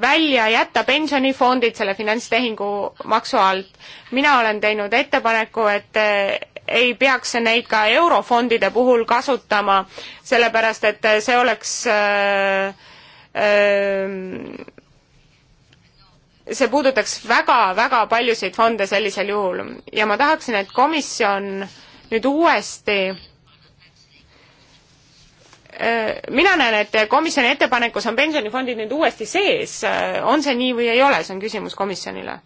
välja jätta pensionifondid selle finantstehingu maksu alt. mina olen teinud ettepaneku, et eh, ei peaks neid ka eurofondide puhul kasutama, sellepärast et see oleks eh, eh, see puudutaks väga-väga paljusid fonde sellisel juhul ja ma tahaksin, et komisjon nüüd uuesti Äh, mina näen, et komisjoni ettepanekus on pensionifondid nüüd uuesti sees, äh, on see nii või ei ole, see on küsimus komisjonile.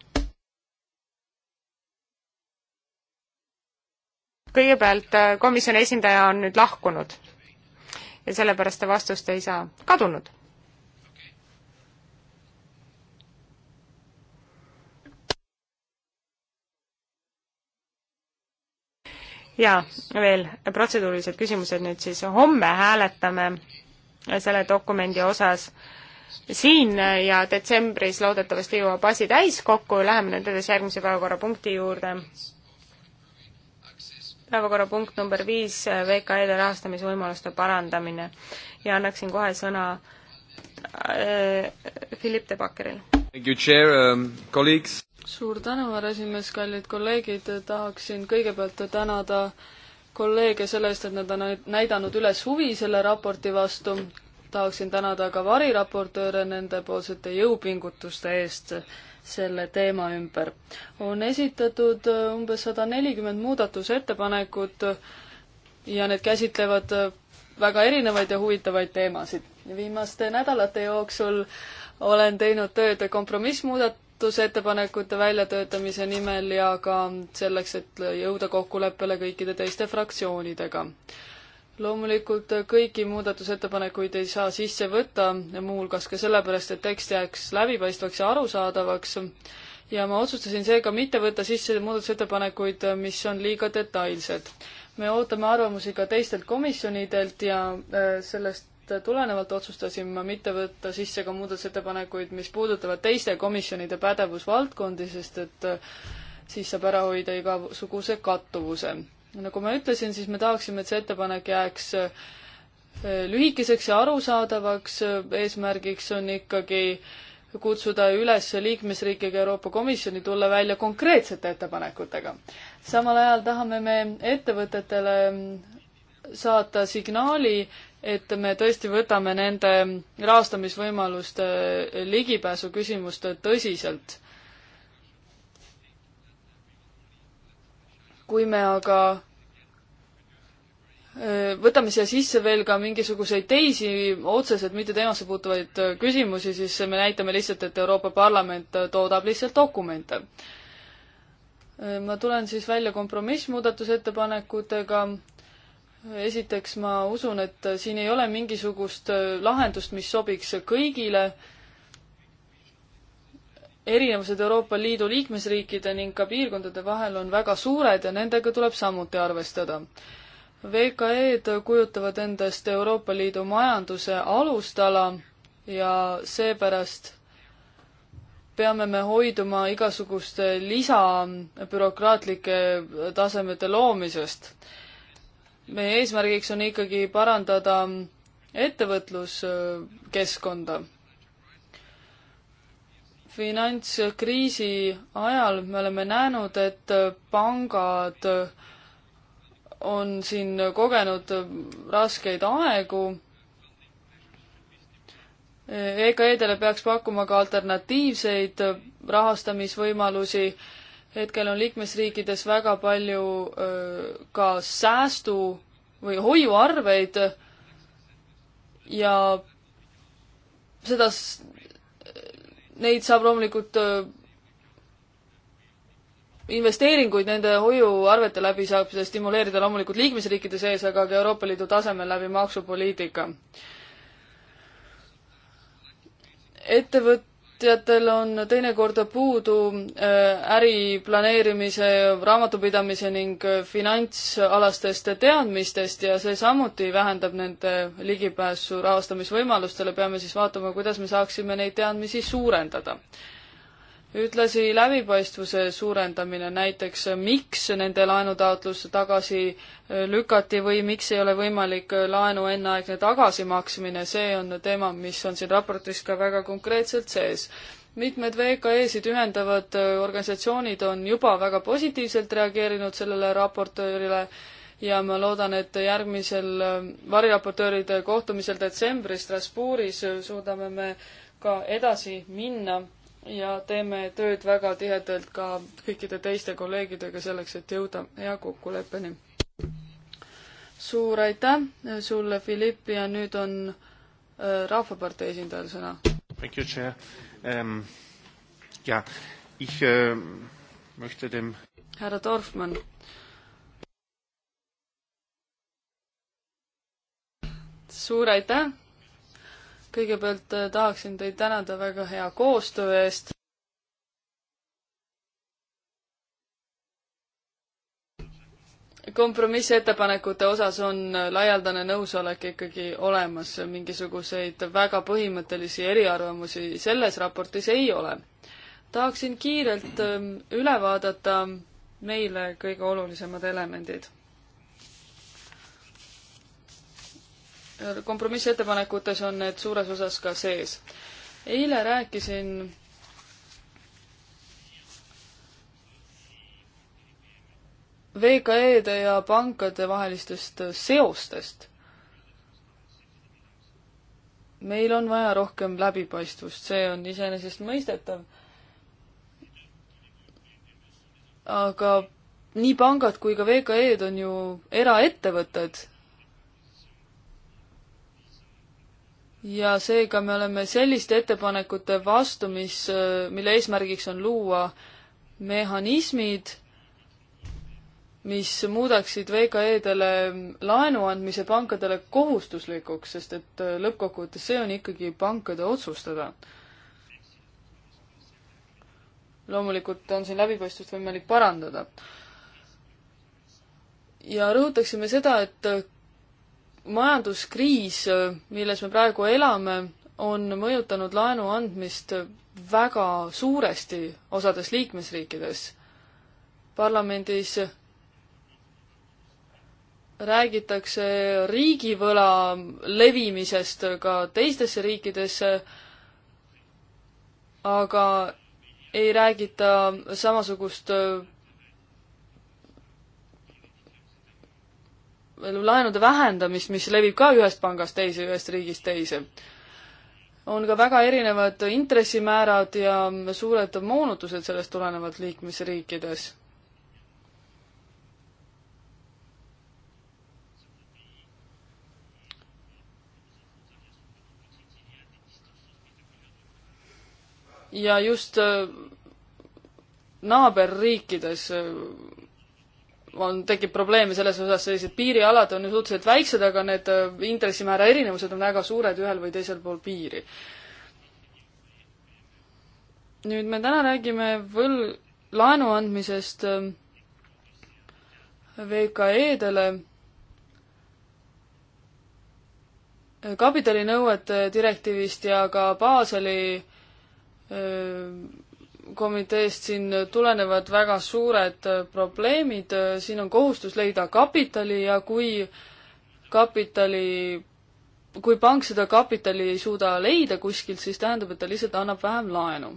kõigepealt äh, komisjoni esindaja on nüüd lahkunud ja sellepärast ta vastust ei saa, kadunud ja veel protseduurilised küsimused nüüd siis, homme hääletame selle dokumendi osas siin ja detsembris loodetavasti jõuab asi täis kokku, läheme nüüd edasi järgmise päevakorrapunkti juurde. päevakorrapunkt number viis, VKE-de rahastamisvõimaluste parandamine ja annaksin kohe sõna äh, Philipp äh, de Bakkerile Um, suur tänu, härra esimees, kallid kolleegid, tahaksin kõigepealt tänada kolleege selle eest, et nad on näidanud üles huvi selle raporti vastu. tahaksin tänada ka variraportööre nendepoolsete jõupingutuste eest selle teema ümber. on esitatud umbes sada nelikümmend muudatusettepanekut ja need käsitlevad väga erinevaid ja huvitavaid teemasid. viimaste nädalate jooksul olen teinud tööd kompromissmuudatusettepanekute väljatöötamise nimel ja ka selleks, et jõuda kokkuleppele kõikide teiste fraktsioonidega. loomulikult kõiki muudatusettepanekuid ei saa sisse võtta, muuhulgas ka sellepärast, et tekst jääks läbipaistvaks ja arusaadavaks ja ma otsustasin seega mitte võtta sisse muudatusettepanekuid, mis on liiga detailsed. me ootame arvamusi ka teistelt komisjonidelt ja äh, sellest tulenevalt otsustasin ma mitte võtta sisse ka muudatusettepanekuid, mis puudutavad teiste komisjonide pädevusvaldkondi, sest et äh, siis saab ära hoida igasuguse kattuvuse. nagu ma ütlesin, siis me tahaksime, et see ettepanek jääks äh, lühikeseks ja arusaadavaks, eesmärgiks on ikkagi kutsuda üles liikmesriikidega Euroopa Komisjoni tulla välja konkreetsete ettepanekutega. samal ajal tahame me ettevõtetele saata signaali et me tõesti võtame nende rahastamisvõimaluste eh, ligipääsu küsimust tõsiselt. kui me aga eh, võtame siia sisse veel ka mingisuguseid teisi otseselt mitte teemasse puutuvaid eh, küsimusi, siis me näitame lihtsalt, et Euroopa Parlament toodab lihtsalt dokumente. ma tulen siis välja kompromissmuudatusettepanekutega esiteks ma usun, et siin ei ole mingisugust äh, lahendust, mis sobiks kõigile. erinevused Euroopa Liidu liikmesriikide ning ka piirkondade vahel on väga suured ja nendega tuleb samuti arvestada. VKE-d kujutavad endast Euroopa Liidu majanduse alustala ja seepärast peame me hoiduma igasuguste lisabürokraatlike tasemete loomisest meie eesmärgiks on ikkagi parandada ettevõtluskeskkonda. finantskriisi ajal me oleme näinud, et pangad on siin kogenud raskeid aegu. EKE-dele peaks pakkuma ka alternatiivseid rahastamisvõimalusi hetkel on liikmesriikides väga palju ka säästu või hoiuarveid ja seda, neid saab loomulikult, investeeringuid nende hoiuarvete läbi saab seda stimuleerida loomulikult liikmesriikide sees, aga ka Euroopa Liidu tasemel läbi maksupoliitika. ettevõt-, ettevõtjatel on teinekord puudu äh, äri planeerimise, raamatupidamise ning äh, finantsalastest teadmistest ja see samuti vähendab nende ligipääsu rahastamisvõimalustele, peame siis vaatama, kuidas me saaksime neid teadmisi suurendada ühtlasi läbipaistvuse suurendamine, näiteks miks nende laenutaotlus tagasi äh, lükati või miks ei ole võimalik äh, laenu enneaegne tagasimaksmine, see on teema, mis on siin raportis ka väga konkreetselt sees. mitmed VKE-sid ühendavad äh, organisatsioonid on juba väga positiivselt reageerinud sellele raportöörile ja ma loodan, et järgmisel variraportööride kohtumisel detsembris Strasbourgis suudame me ka edasi minna ja teeme tööd väga tihedalt ka kõikide teiste kolleegidega selleks, et jõuda hea kokkuleppeni. suur aitäh sulle, Philipp, ja nüüd on äh, Rahvapartei esindajal sõna. Thank you, chair um,. ja yeah,, ich uh, möchte dem härra Dorfmann. suur aitäh kõigepealt äh, tahaksin teid tänada väga hea koostöö eest. kompromissettepanekute osas on laialdane nõusolek ikkagi olemas, mingisuguseid väga põhimõttelisi eriarvamusi selles raportis ei ole. tahaksin kiirelt ähm, üle vaadata meile kõige olulisemad elemendid kompromissettepanekutes on need suures osas ka sees. eile rääkisin VKE-de ja pankade vahelistest seostest. meil on vaja rohkem läbipaistvust, see on iseenesestmõistetav. aga nii pangad kui ka VKE-d on ju eraettevõtted ja seega me oleme selliste ettepanekute vastu, mis, äh, mille eesmärgiks on luua mehhanismid, mis muudaksid VKE-dele laenu andmise pankadele kohustuslikuks, sest et äh, lõppkokkuvõttes see on ikkagi pankade otsustada. loomulikult on siin läbipaistvust võimalik parandada ja rõhutaksime seda, et äh, majanduskriis, milles me praegu elame, on mõjutanud laenu andmist väga suuresti osades liikmesriikides. parlamendis räägitakse riigivõla levimisest ka teistesse riikidesse, aga ei räägita samasugust laenude vähendamist, mis levib ka ühest pangast teise, ühest riigist teise. on ka väga erinevad intressimäärad ja suured moonutused sellest tulenevalt liikmesriikides ja just äh, naaberriikides äh, on, tekib probleeme selles osas, sellised piirialad on ju suhteliselt väiksed, aga need äh, intressimäära erinevused on väga suured ühel või teisel pool piiri. nüüd me täna räägime võl-, laenu andmisest äh, VKE-dele kapitalinõuete direktiivist ja ka Baseli öö, äh, komiteest siin tulenevad väga suured probleemid, siin on kohustus leida kapitali ja kui kapitali, kui pank seda kapitali ei suuda leida kuskilt, siis tähendab, et ta lihtsalt annab vähem laenu.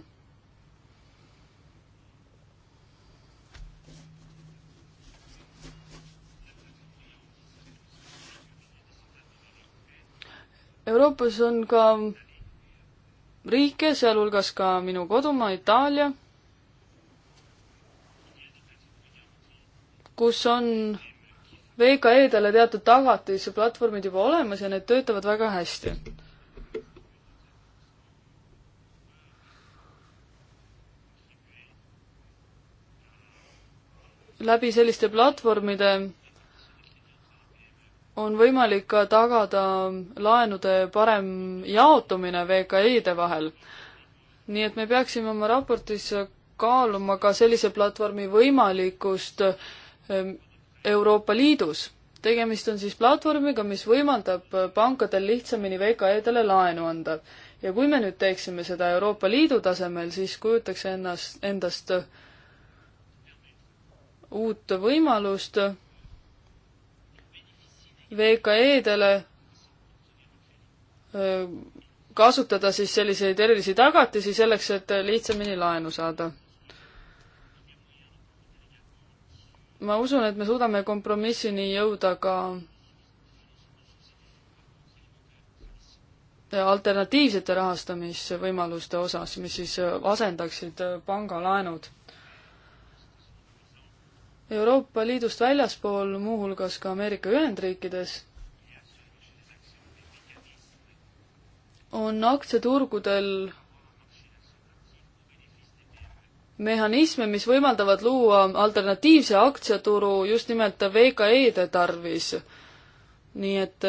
Euroopas on ka riike, sealhulgas ka minu kodumaa Itaalia, kus on VKE-dele teatud tagatisplatvormid juba olemas ja need töötavad väga hästi läbi selliste platvormide on võimalik ka tagada laenude parem jaotumine VKI-de vahel. nii et me peaksime oma raportis kaaluma ka sellise platvormi võimalikkust ehm, Euroopa Liidus. tegemist on siis platvormiga, mis võimaldab pankadel lihtsamini VKE-dele laenu anda. ja kui me nüüd teeksime seda Euroopa Liidu tasemel, siis kujutaks ennast, endast uut võimalust VKE-dele kasutada siis selliseid erilisi tagatisi selleks, et lihtsamini laenu saada. ma usun, et me suudame kompromissini jõuda ka alternatiivsete rahastamisvõimaluste osas, mis siis asendaksid pangalaenud Euroopa Liidust väljaspool, muuhulgas ka Ameerika Ühendriikides, on aktsiaturgudel mehhanisme, mis võimaldavad luua alternatiivse aktsiaturu just nimelt VKE-de tarvis. nii et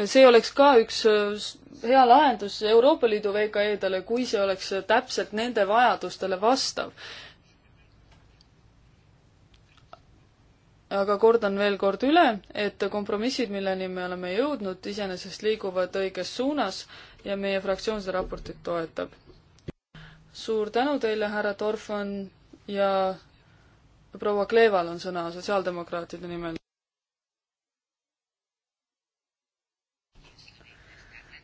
see oleks ka üks äh, hea lahendus Euroopa Liidu VKE-dele, kui see oleks täpselt nende vajadustele vastav. aga kordan veel kord üle, et kompromissid, milleni me oleme jõudnud, iseenesest liiguvad õiges suunas ja meie fraktsioon seda raportit toetab. suur tänu teile, härra Dorfan ja proua Kleeval on sõna sotsiaaldemokraatide nimel.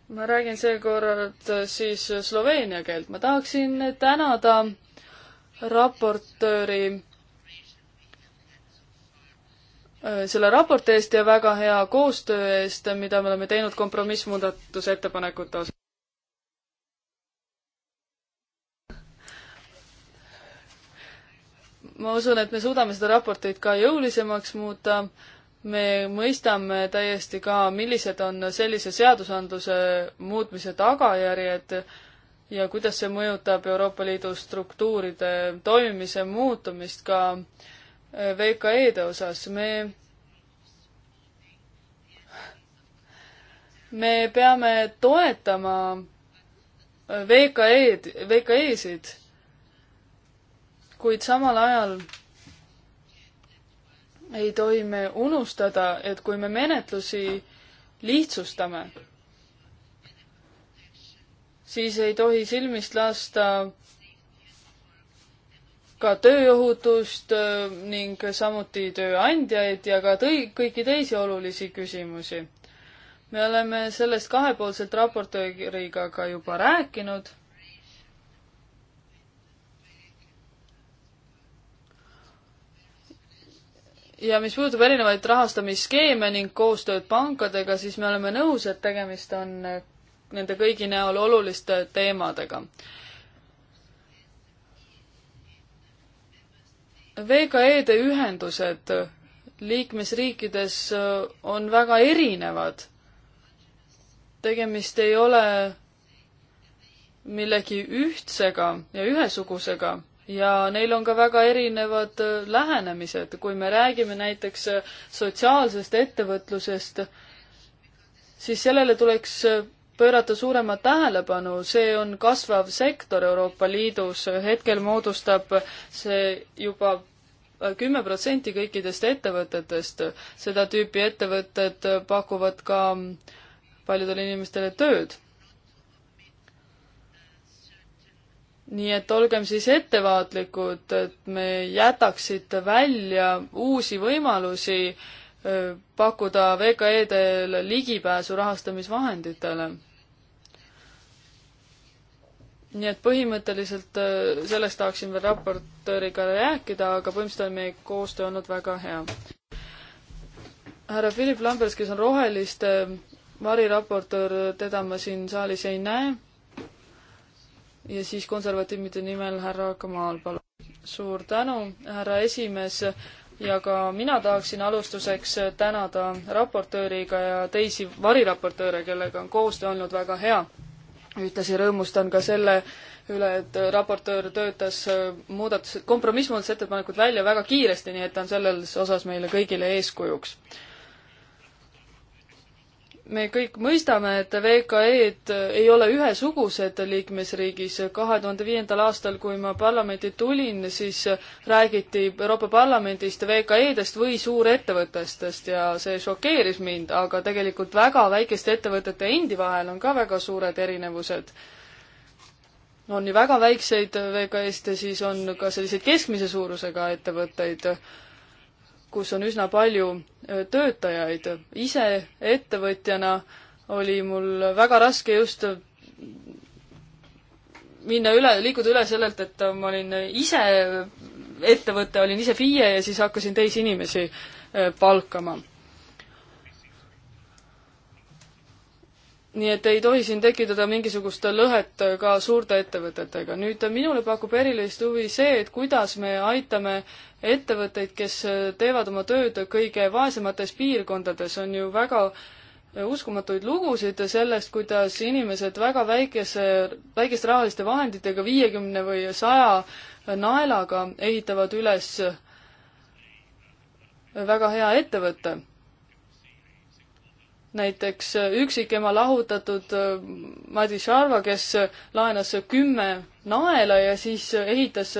ma räägin seekord äh, siis äh, sloveenia keelt. ma tahaksin tänada raportööri äh, selle raporti eest ja väga hea koostöö eest, mida me oleme teinud kompromissmuudatusettepanekute osas. ma usun, et me suudame seda raportit ka jõulisemaks muuta me mõistame täiesti ka, millised on sellise seadusandluse muutmise tagajärjed ja kuidas see mõjutab Euroopa Liidu struktuuride toimimise muutumist ka äh, VKE-de osas. me, me peame toetama äh, VKE-d, VKE-sid, kuid samal ajal ei tohi me unustada, et kui me menetlusi lihtsustame, siis ei tohi silmist lasta ka tööohutust äh, ning samuti tööandjaid ja ka tõi-, kõiki teisi olulisi küsimusi. me oleme sellest kahepoolselt raportööriga ka juba rääkinud ja mis puudutab erinevaid rahastamisskeeme ning koostööd pankadega, siis me oleme nõus, et tegemist on äh, nende kõigi näol oluliste teemadega. VKE-de ühendused liikmesriikides äh, on väga erinevad. tegemist ei ole millegi ühtsega ja ühesugusega ja neil on ka väga erinevad äh, lähenemised, kui me räägime näiteks äh, sotsiaalsest ettevõtlusest, siis sellele tuleks äh, pöörata suuremat tähelepanu, see on kasvav sektor Euroopa Liidus, hetkel moodustab see juba kümme protsenti kõikidest ettevõtetest, seda tüüpi ettevõtted pakuvad ka mm, paljudele inimestele tööd nii et olgem siis ettevaatlikud, et me jätaksid välja uusi võimalusi pakkuda VKE-del ligipääsu rahastamisvahenditele. nii et põhimõtteliselt sellest tahaksin veel raportööriga rääkida, aga põhimõtteliselt on meie koostöö olnud väga hea. härra Philip Lambers, kes on roheliste variraportöör, teda ma siin saalis ei näe ja siis konservatiivide nimel härra Kamal, palun. suur tänu, härra esimees ja ka mina tahaksin alustuseks tänada raportööriga ja teisi variraportööre, kellega on koostöö olnud väga hea. ühtlasi rõõmustan ka selle üle, et raportöör töötas muudatused, kompromissmuudatusettepanekud välja väga kiiresti, nii et ta on selles osas meile kõigile eeskujuks me kõik mõistame, et VKE-d ei ole ühesugused liikmesriigis. kahe tuhande viiendal aastal, kui ma parlamenti tulin, siis räägiti Euroopa Parlamendist VKE-dest või suurettevõtetest ja see šokeeris mind, aga tegelikult väga väikeste ettevõtete endi vahel on ka väga suured erinevused. on ju väga väikseid VKE-st ja siis on ka selliseid keskmise suurusega ettevõtteid kus on üsna palju töötajaid. ise ettevõtjana oli mul väga raske just minna üle, liikuda üle sellelt, et ma olin ise ettevõte, olin ise FIE ja siis hakkasin teisi inimesi palkama nii et ei tohi siin tekitada mingisugust lõhet ka suurte ettevõtetega. nüüd minule pakub erilist huvi see, et kuidas me aitame ettevõtteid, kes teevad oma tööd kõige vaesemates piirkondades, on ju väga uskumatuid lugusid sellest, kuidas inimesed väga väikese, väikeste rahaliste vahenditega, viiekümne või saja naelaga ehitavad üles väga hea ettevõte näiteks äh, üksikema lahutatud äh, Madi Sharva, kes äh, laenas kümme naela ja siis ehitas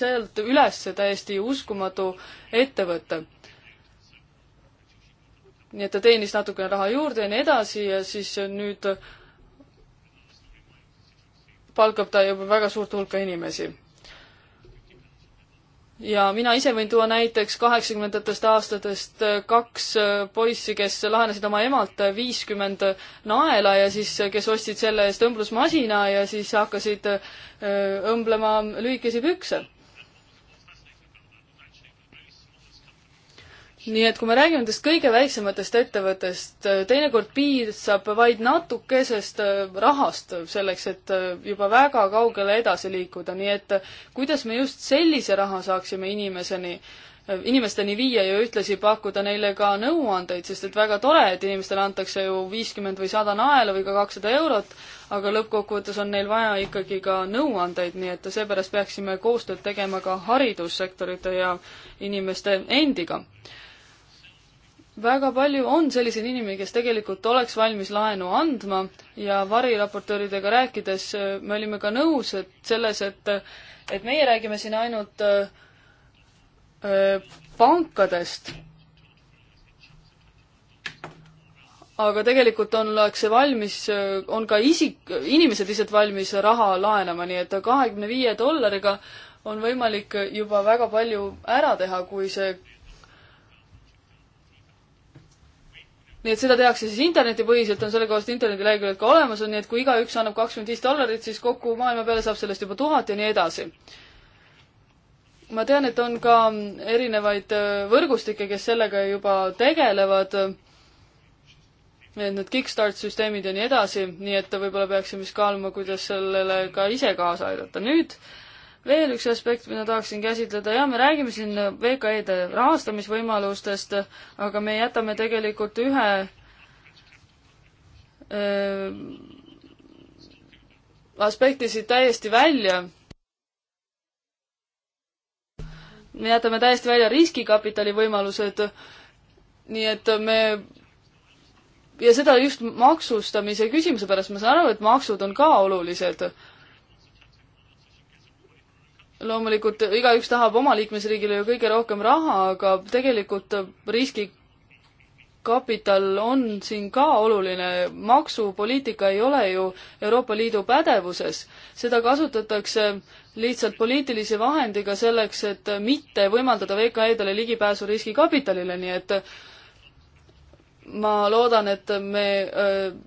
sealt üles täiesti uskumatu ettevõte. nii et ta teenis natukene raha juurde ja nii edasi ja siis nüüd palkab ta juba väga suurt hulka inimesi ja mina ise võin tuua näiteks kaheksakümnendatest aastatest äh, kaks äh, poissi, kes laenasid oma emalt äh, viiskümmend naela ja siis, kes ostsid selle eest õmblusmasina ja siis hakkasid õmblema lühikesi pükse nii et kui me räägime nendest kõige väiksematest ettevõttest, äh, teinekord piisab vaid natukesest äh, rahast selleks, et äh, juba väga kaugele edasi liikuda, nii et kuidas me just sellise raha saaksime inimeseni, inimesteni viia ja ühtlasi pakkuda neile ka nõuandeid, sest et väga tore, et inimestele antakse ju viiskümmend või sada naela või ka kakssada eurot, aga lõppkokkuvõttes on neil vaja ikkagi ka nõuandeid, nii et seepärast peaksime koostööd tegema ka haridussektorite ja inimeste endiga väga palju on selliseid inimesi, kes tegelikult oleks valmis laenu andma ja variraportööridega rääkides äh, me olime ka nõus, et selles, et, et meie räägime siin ainult äh, äh pankadest. aga tegelikult on, ollakse valmis, äh, on ka isik, inimesed lihtsalt valmis raha laenama, nii et kahekümne viie dollariga on võimalik juba väga palju ära teha, kui see nii et seda tehakse siis internetipõhiselt, on sellekohased internetileheküljed ka olemas, on nii, et kui igaüks annab kakskümmend viis dollarit, siis kokku maailma peale saab sellest juba tuhat ja nii edasi. ma tean, et on ka erinevaid äh, võrgustikke, kes sellega juba tegelevad, need kickstart süsteemid ja nii edasi, nii et võib-olla peaksime siis kaaluma, kuidas sellele ka ise kaasa aidata. nüüd äh, veel üks aspekt, mida tahaksin käsitleda, jah, me räägime siin VKE-de rahastamisvõimalustest, aga me jätame tegelikult ühe öö, aspekti siit täiesti välja. me jätame täiesti välja riskikapitali võimalused, nii et me ja seda just maksustamise küsimuse pärast, ma saan aru, et maksud on ka olulised loomulikult igaüks tahab oma liikmesriigile ju kõige rohkem raha, aga tegelikult riskikapital on siin ka oluline. maksupoliitika ei ole ju Euroopa Liidu pädevuses, seda kasutatakse lihtsalt poliitilise vahendiga selleks, et mitte võimaldada VKE-dele ligipääsu riskikapitalile, nii et ma loodan, et me äh,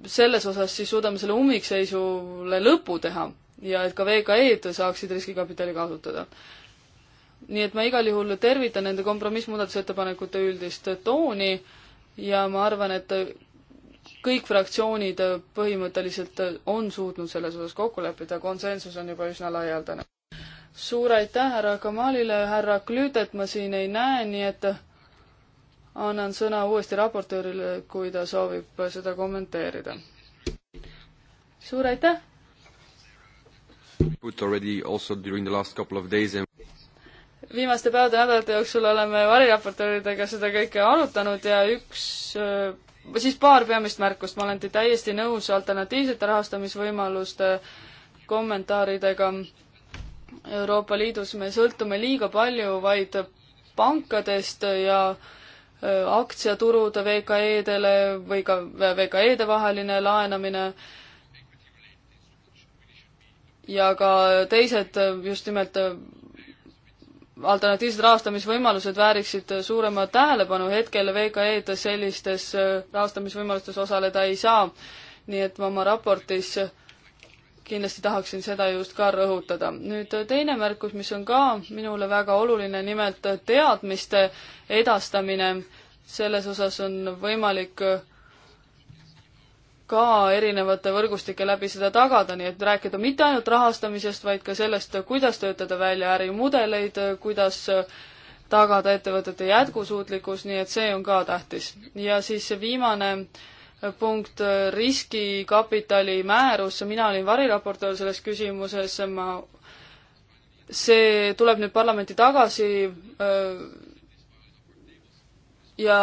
selles osas siis suudame selle ummikseisule lõpu teha ja et ka VKE-d saaksid riskikapitali kasutada. nii et ma igal juhul tervitan nende kompromissmuudatusettepanekute üldist tooni ja ma arvan, et kõik fraktsioonid põhimõtteliselt on suutnud selles osas kokku leppida, konsensus on juba üsna laialdane. suur aitäh härra Kamalile, härra Klüütet ma siin ei näe, nii et annan sõna uuesti raportöörile, kui ta soovib seda kommenteerida. suur aitäh! viimaste päevade nädalate jooksul oleme variraportööridega seda kõike arutanud ja üks, siis paar peamist märkust, ma olen täiesti nõus alternatiivsete rahastamisvõimaluste kommentaaridega. Euroopa Liidus me sõltume liiga palju vaid pankadest ja aktsiaturud VKE-dele või ka VKE-de vaheline laenamine ja ka teised just nimelt alternatiivsed rahastamisvõimalused vääriksid suurema tähelepanu, hetkel VKE-d sellistes äh, rahastamisvõimalustes osaleda ei saa. nii et ma oma raportis kindlasti tahaksin seda just ka rõhutada. nüüd äh, teine märkus, mis on ka minule väga oluline, nimelt teadmiste edastamine. selles osas on võimalik äh, ka erinevate võrgustike läbi seda tagada, nii et rääkida mitte ainult rahastamisest, vaid ka sellest, kuidas töötada välja ärimudeleid, kuidas tagada ettevõtete jätkusuutlikkus, nii et see on ka tähtis. ja siis viimane punkt, riskikapitali määrus, mina olin variraportöör selles küsimuses, ma, see tuleb nüüd parlamenti tagasi äh, ja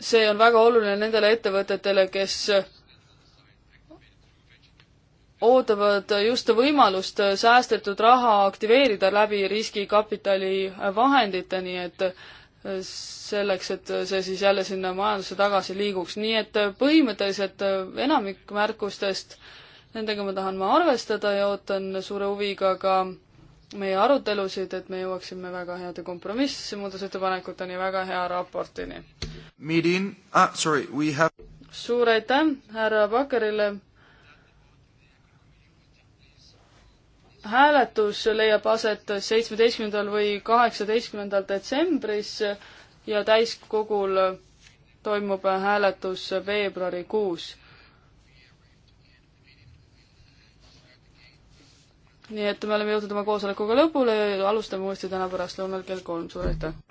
see on väga oluline nendele ettevõtetele, kes ootavad just võimalust säästetud raha aktiveerida läbi riskikapitali vahendite, nii et selleks, et see siis jälle sinna majandusse tagasi liiguks, nii et põhimõtteliselt enamik märkustest, nendega ma tahan ma arvestada ja ootan suure huviga ka meie arutelusid, et me jõuaksime väga heade kompromissmuudatusettepanekuteni, väga hea raportini. Meeting ah,, sorry, we have suur aitäh härra Bakkerile. hääletus leiab aset seitsmeteistkümnendal või kaheksateistkümnendal detsembris ja täiskogul toimub hääletus veebruarikuus nii et me oleme jõudnud oma koosolekuga lõpule, alustame uuesti täna pärastlõunal kell kolm, suur aitäh!